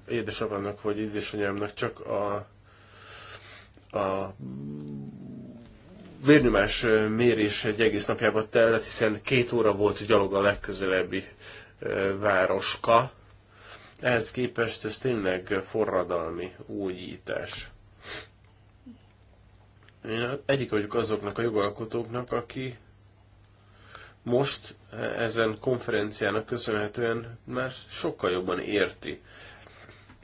édesapámnak vagy édesanyámnak csak a, a vérnyomás mérés egy egész napjába tellett, hiszen két óra volt gyalog a legközelebbi városka. Ehhez képest ez tényleg forradalmi újítás. Én egyik vagyok azoknak a jogalkotóknak, aki most ezen konferenciának köszönhetően már sokkal jobban érti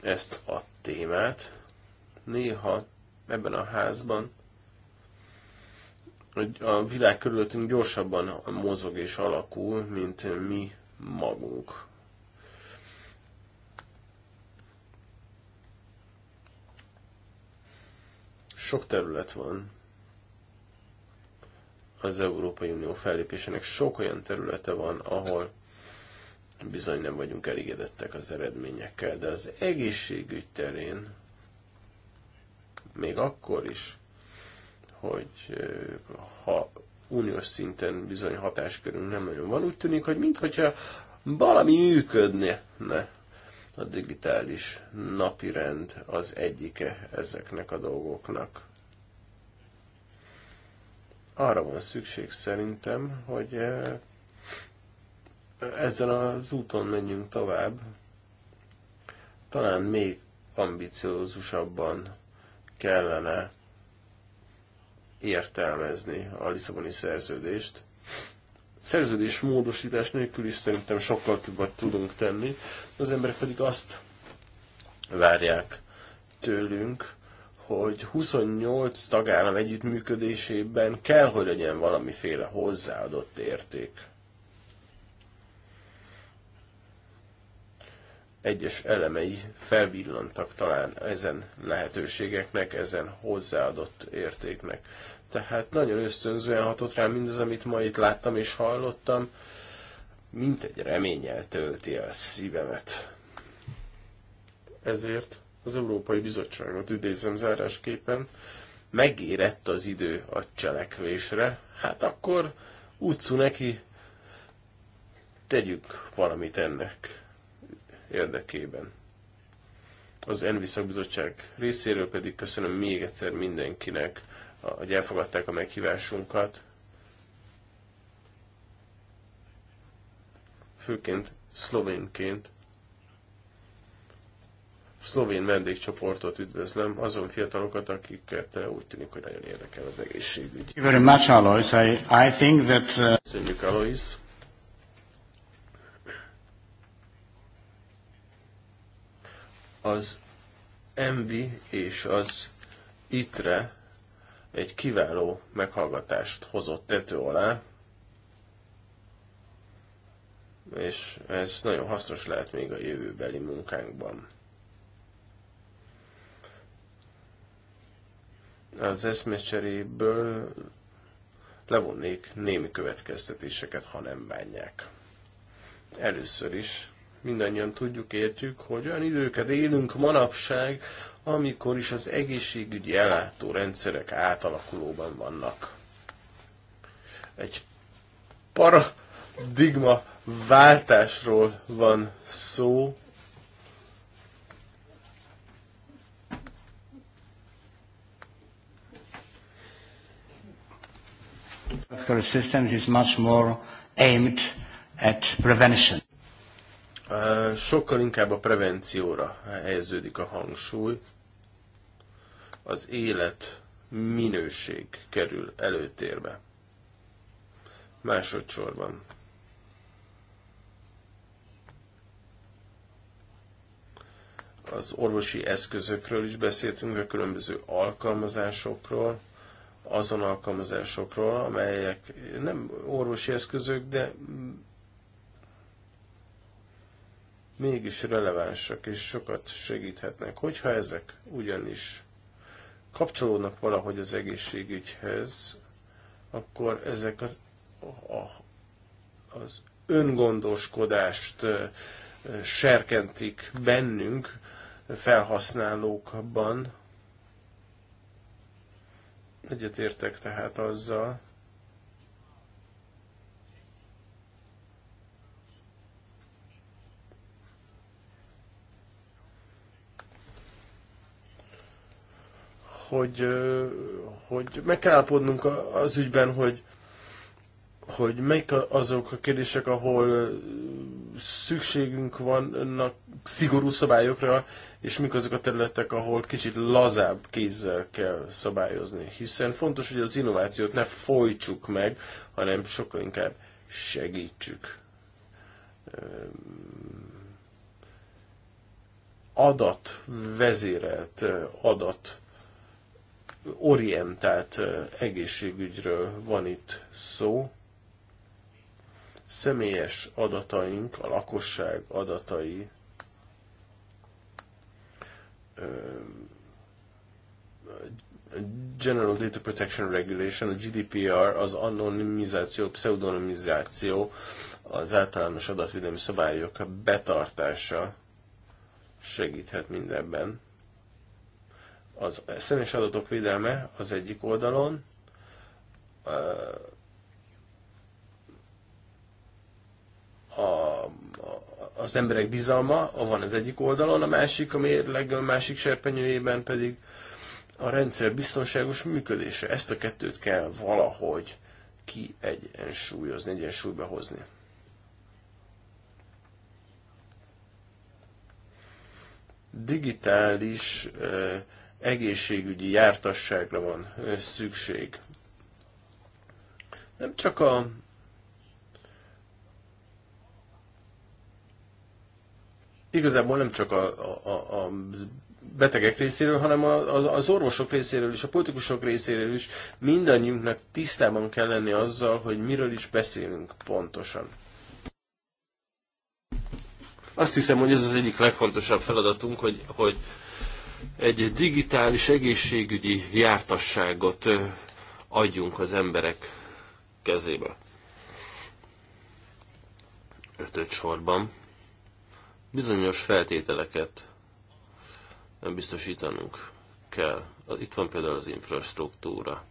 ezt a témát. Néha ebben a házban hogy a világ körülöttünk gyorsabban mozog és alakul, mint mi magunk. Sok terület van, az Európai Unió fellépésének sok olyan területe van, ahol bizony nem vagyunk elégedettek az eredményekkel, de az egészségügy terén még akkor is, hogy ha uniós szinten bizony hatáskörünk nem nagyon van, úgy tűnik, hogy mintha valami működne. Ne. A digitális napirend az egyike ezeknek a dolgoknak arra van szükség szerintem, hogy eh, ezzel az úton menjünk tovább, talán még ambiciózusabban kellene értelmezni a Lisszaboni szerződést. Szerződés módosítás nélkül is szerintem sokkal többet tudunk tenni, az emberek pedig azt várják tőlünk, hogy 28 tagállam együttműködésében kell, hogy legyen valamiféle hozzáadott érték. Egyes elemei felvillantak talán ezen lehetőségeknek, ezen hozzáadott értéknek. Tehát nagyon ösztönzően hatott rám mindaz amit ma itt láttam és hallottam, mint egy reményel tölti el szívemet. Ezért az Európai Bizottságot üdézzem zárásképpen, megérett az idő a cselekvésre, hát akkor utcu neki, tegyük valamit ennek érdekében. Az Envi Szakbizottság részéről pedig köszönöm még egyszer mindenkinek, hogy elfogadták a meghívásunkat. Főként szlovénként szlovén vendégcsoportot üdvözlöm, azon fiatalokat, akiket eh, úgy tűnik, hogy nagyon érdekel az egészségügy. Very much, Alois. I, I think that... Uh... Köszönjük, Alois. Az Envi és az ITRE egy kiváló meghallgatást hozott tető alá, és ez nagyon hasznos lehet még a jövőbeli munkánkban. az eszmecseréből levonnék némi következtetéseket, ha nem bánják. Először is mindannyian tudjuk, értjük, hogy olyan időket élünk manapság, amikor is az egészségügyi ellátó rendszerek átalakulóban vannak. Egy paradigma váltásról van szó, healthcare systems is much more aimed at prevention. Sokkal inkább a prevencióra helyeződik a hangsúly. Az élet minőség kerül előtérbe. Másodszorban. Az orvosi eszközökről is beszéltünk, a különböző alkalmazásokról azon alkalmazásokról, amelyek nem orvosi eszközök, de mégis relevánsak és sokat segíthetnek. Hogyha ezek ugyanis kapcsolódnak valahogy az egészségügyhez, akkor ezek az, a, az öngondoskodást serkentik bennünk, felhasználókban, Egyetértek tehát azzal, hogy, hogy meg kell állapodnunk az ügyben, hogy hogy melyik azok a kérdések, ahol szükségünk vannak szigorú szabályokra, és mik azok a területek, ahol kicsit lazább kézzel kell szabályozni. Hiszen fontos, hogy az innovációt ne folytsuk meg, hanem sokkal inkább segítsük. Adat vezérelt, adat orientált egészségügyről van itt szó személyes adataink, a lakosság adatai General Data Protection Regulation, a GDPR, az anonimizáció, pseudonimizáció, az általános adatvédelmi szabályok betartása segíthet mindebben. Az személyes adatok védelme az egyik oldalon, az emberek bizalma van az egyik oldalon, a másik, a mérleg a másik serpenyőjében pedig a rendszer biztonságos működése. Ezt a kettőt kell valahogy ki egyensúlyozni, egyensúlyba hozni. Digitális eh, egészségügyi jártasságra van szükség. Nem csak a igazából nem csak a, a, a betegek részéről, hanem a, a, az orvosok részéről is, a politikusok részéről is mindannyiunknak tisztában kell lenni azzal, hogy miről is beszélünk pontosan. Azt hiszem, hogy ez az egyik legfontosabb feladatunk, hogy, hogy egy digitális egészségügyi jártasságot adjunk az emberek kezébe. Ötöt sorban bizonyos feltételeket biztosítanunk kell. Itt van például az infrastruktúra.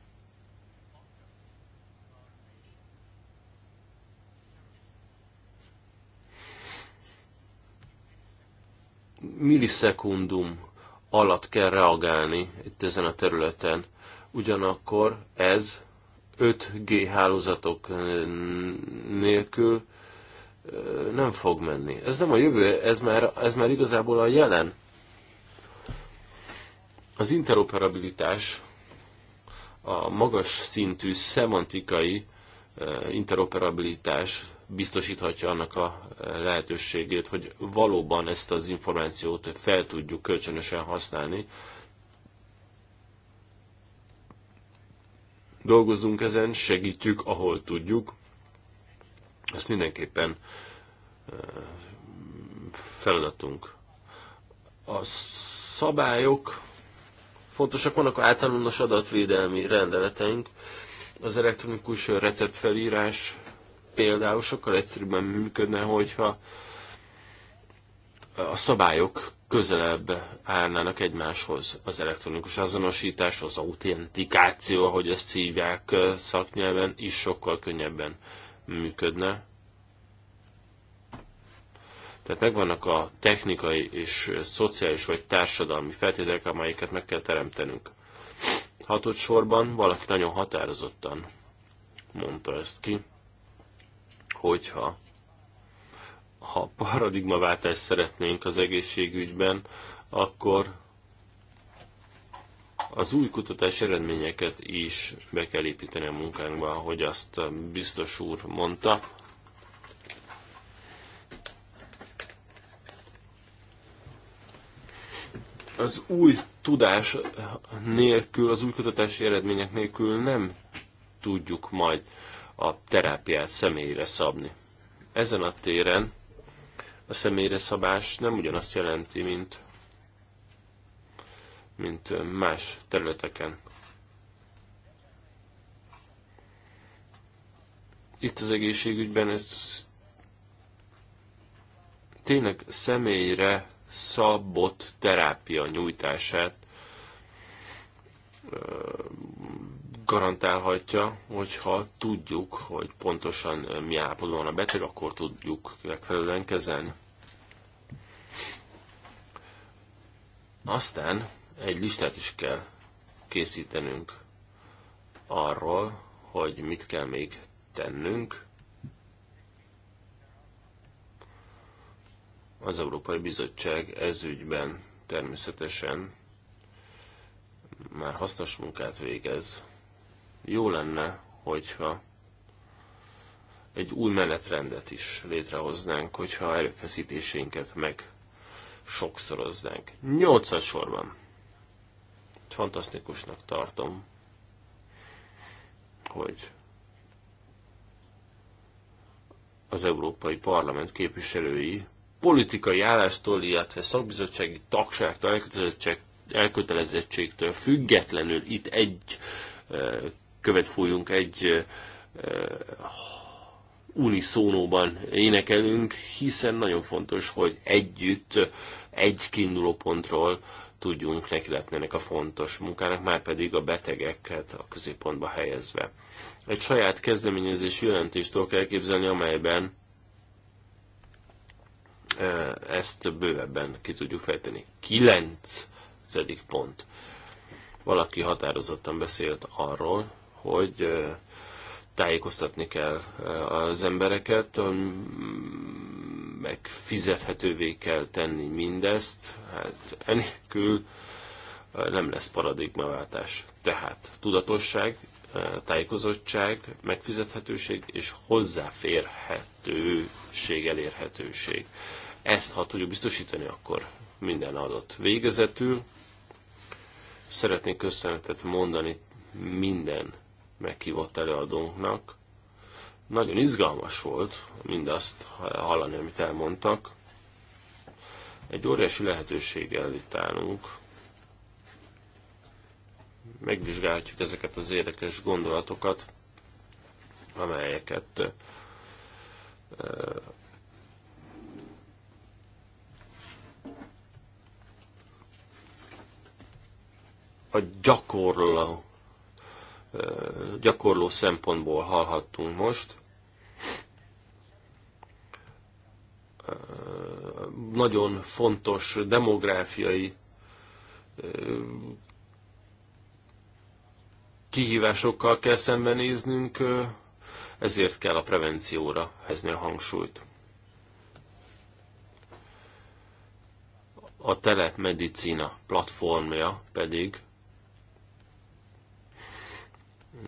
Millisekundum alatt kell reagálni itt ezen a területen, ugyanakkor ez 5G hálózatok nélkül nem fog menni. Ez nem a jövő, ez már, ez már igazából a jelen. Az interoperabilitás a magas szintű szemantikai interoperabilitás biztosíthatja annak a lehetőségét, hogy valóban ezt az információt fel tudjuk kölcsönösen használni. Dolgozunk ezen, segítjük, ahol tudjuk, ezt mindenképpen feladatunk. A szabályok fontosak, vannak általános adatvédelmi rendeleteink, az elektronikus receptfelírás például sokkal egyszerűbben működne, hogyha a szabályok közelebb állnának egymáshoz. Az elektronikus azonosítás, az autentikáció, ahogy ezt hívják szaknyelven, is sokkal könnyebben működne. Tehát megvannak a technikai és szociális vagy társadalmi feltételek, amelyeket meg kell teremtenünk. Hatott sorban valaki nagyon határozottan mondta ezt ki, hogyha ha paradigmaváltást szeretnénk az egészségügyben, akkor az új kutatás eredményeket is be kell építeni a munkánkba, ahogy azt biztos úr mondta. Az új tudás nélkül, az új kutatási eredmények nélkül nem tudjuk majd a terápiát személyre szabni. Ezen a téren a személyre szabás nem ugyanazt jelenti, mint mint más területeken. Itt az egészségügyben ez tényleg személyre szabott terápia nyújtását garantálhatja, hogyha tudjuk, hogy pontosan mi állapotban van a beteg, akkor tudjuk megfelelően kezelni. Aztán egy listát is kell készítenünk arról, hogy mit kell még tennünk. Az Európai Bizottság ez ügyben természetesen már hasznos munkát végez. Jó lenne, hogyha egy új menetrendet is létrehoznánk, hogyha erőfeszítéseinket meg sokszoroznánk. Nyolcad sorban fantasztikusnak tartom, hogy az Európai Parlament képviselői politikai állástól, illetve szakbizottsági tagságtól, elkötelezettség, elkötelezettségtől függetlenül itt egy követ fújunk, egy uniszónóban énekelünk, hiszen nagyon fontos, hogy együtt, egy kiinduló pontról tudjunk nekiletni ennek a fontos munkának, már pedig a betegeket a középpontba helyezve. Egy saját kezdeményezési jelentést kell képzelni, amelyben e, ezt bővebben ki tudjuk fejteni. 9. pont. Valaki határozottan beszélt arról, hogy e, tájékoztatni kell e, az embereket, megfizethetővé kell tenni mindezt, hát enélkül nem lesz paradigmaváltás. Tehát tudatosság, tájékozottság, megfizethetőség és hozzáférhetőség, elérhetőség. Ezt, ha tudjuk biztosítani, akkor minden adott. Végezetül szeretnék köszönetet mondani minden meghívott előadónknak, nagyon izgalmas volt mindazt hallani, amit elmondtak. Egy óriási lehetőséggel itt állunk. Megvizsgálhatjuk ezeket az érdekes gondolatokat, amelyeket eh, a gyakorló gyakorló szempontból hallhattunk most. Nagyon fontos demográfiai kihívásokkal kell szembenéznünk, ezért kell a prevencióra hezni a hangsúlyt. A telemedicina platformja pedig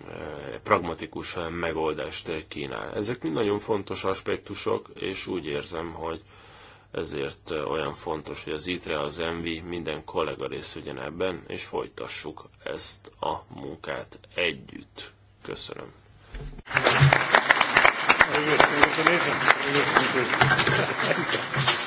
Eh, pragmatikus megoldást kínál. Ezek mind nagyon fontos aspektusok, és úgy érzem, hogy ezért eh, olyan fontos, hogy az ITRE, az ENVI minden kollega rész ebben, és folytassuk ezt a munkát együtt. Köszönöm. Very good.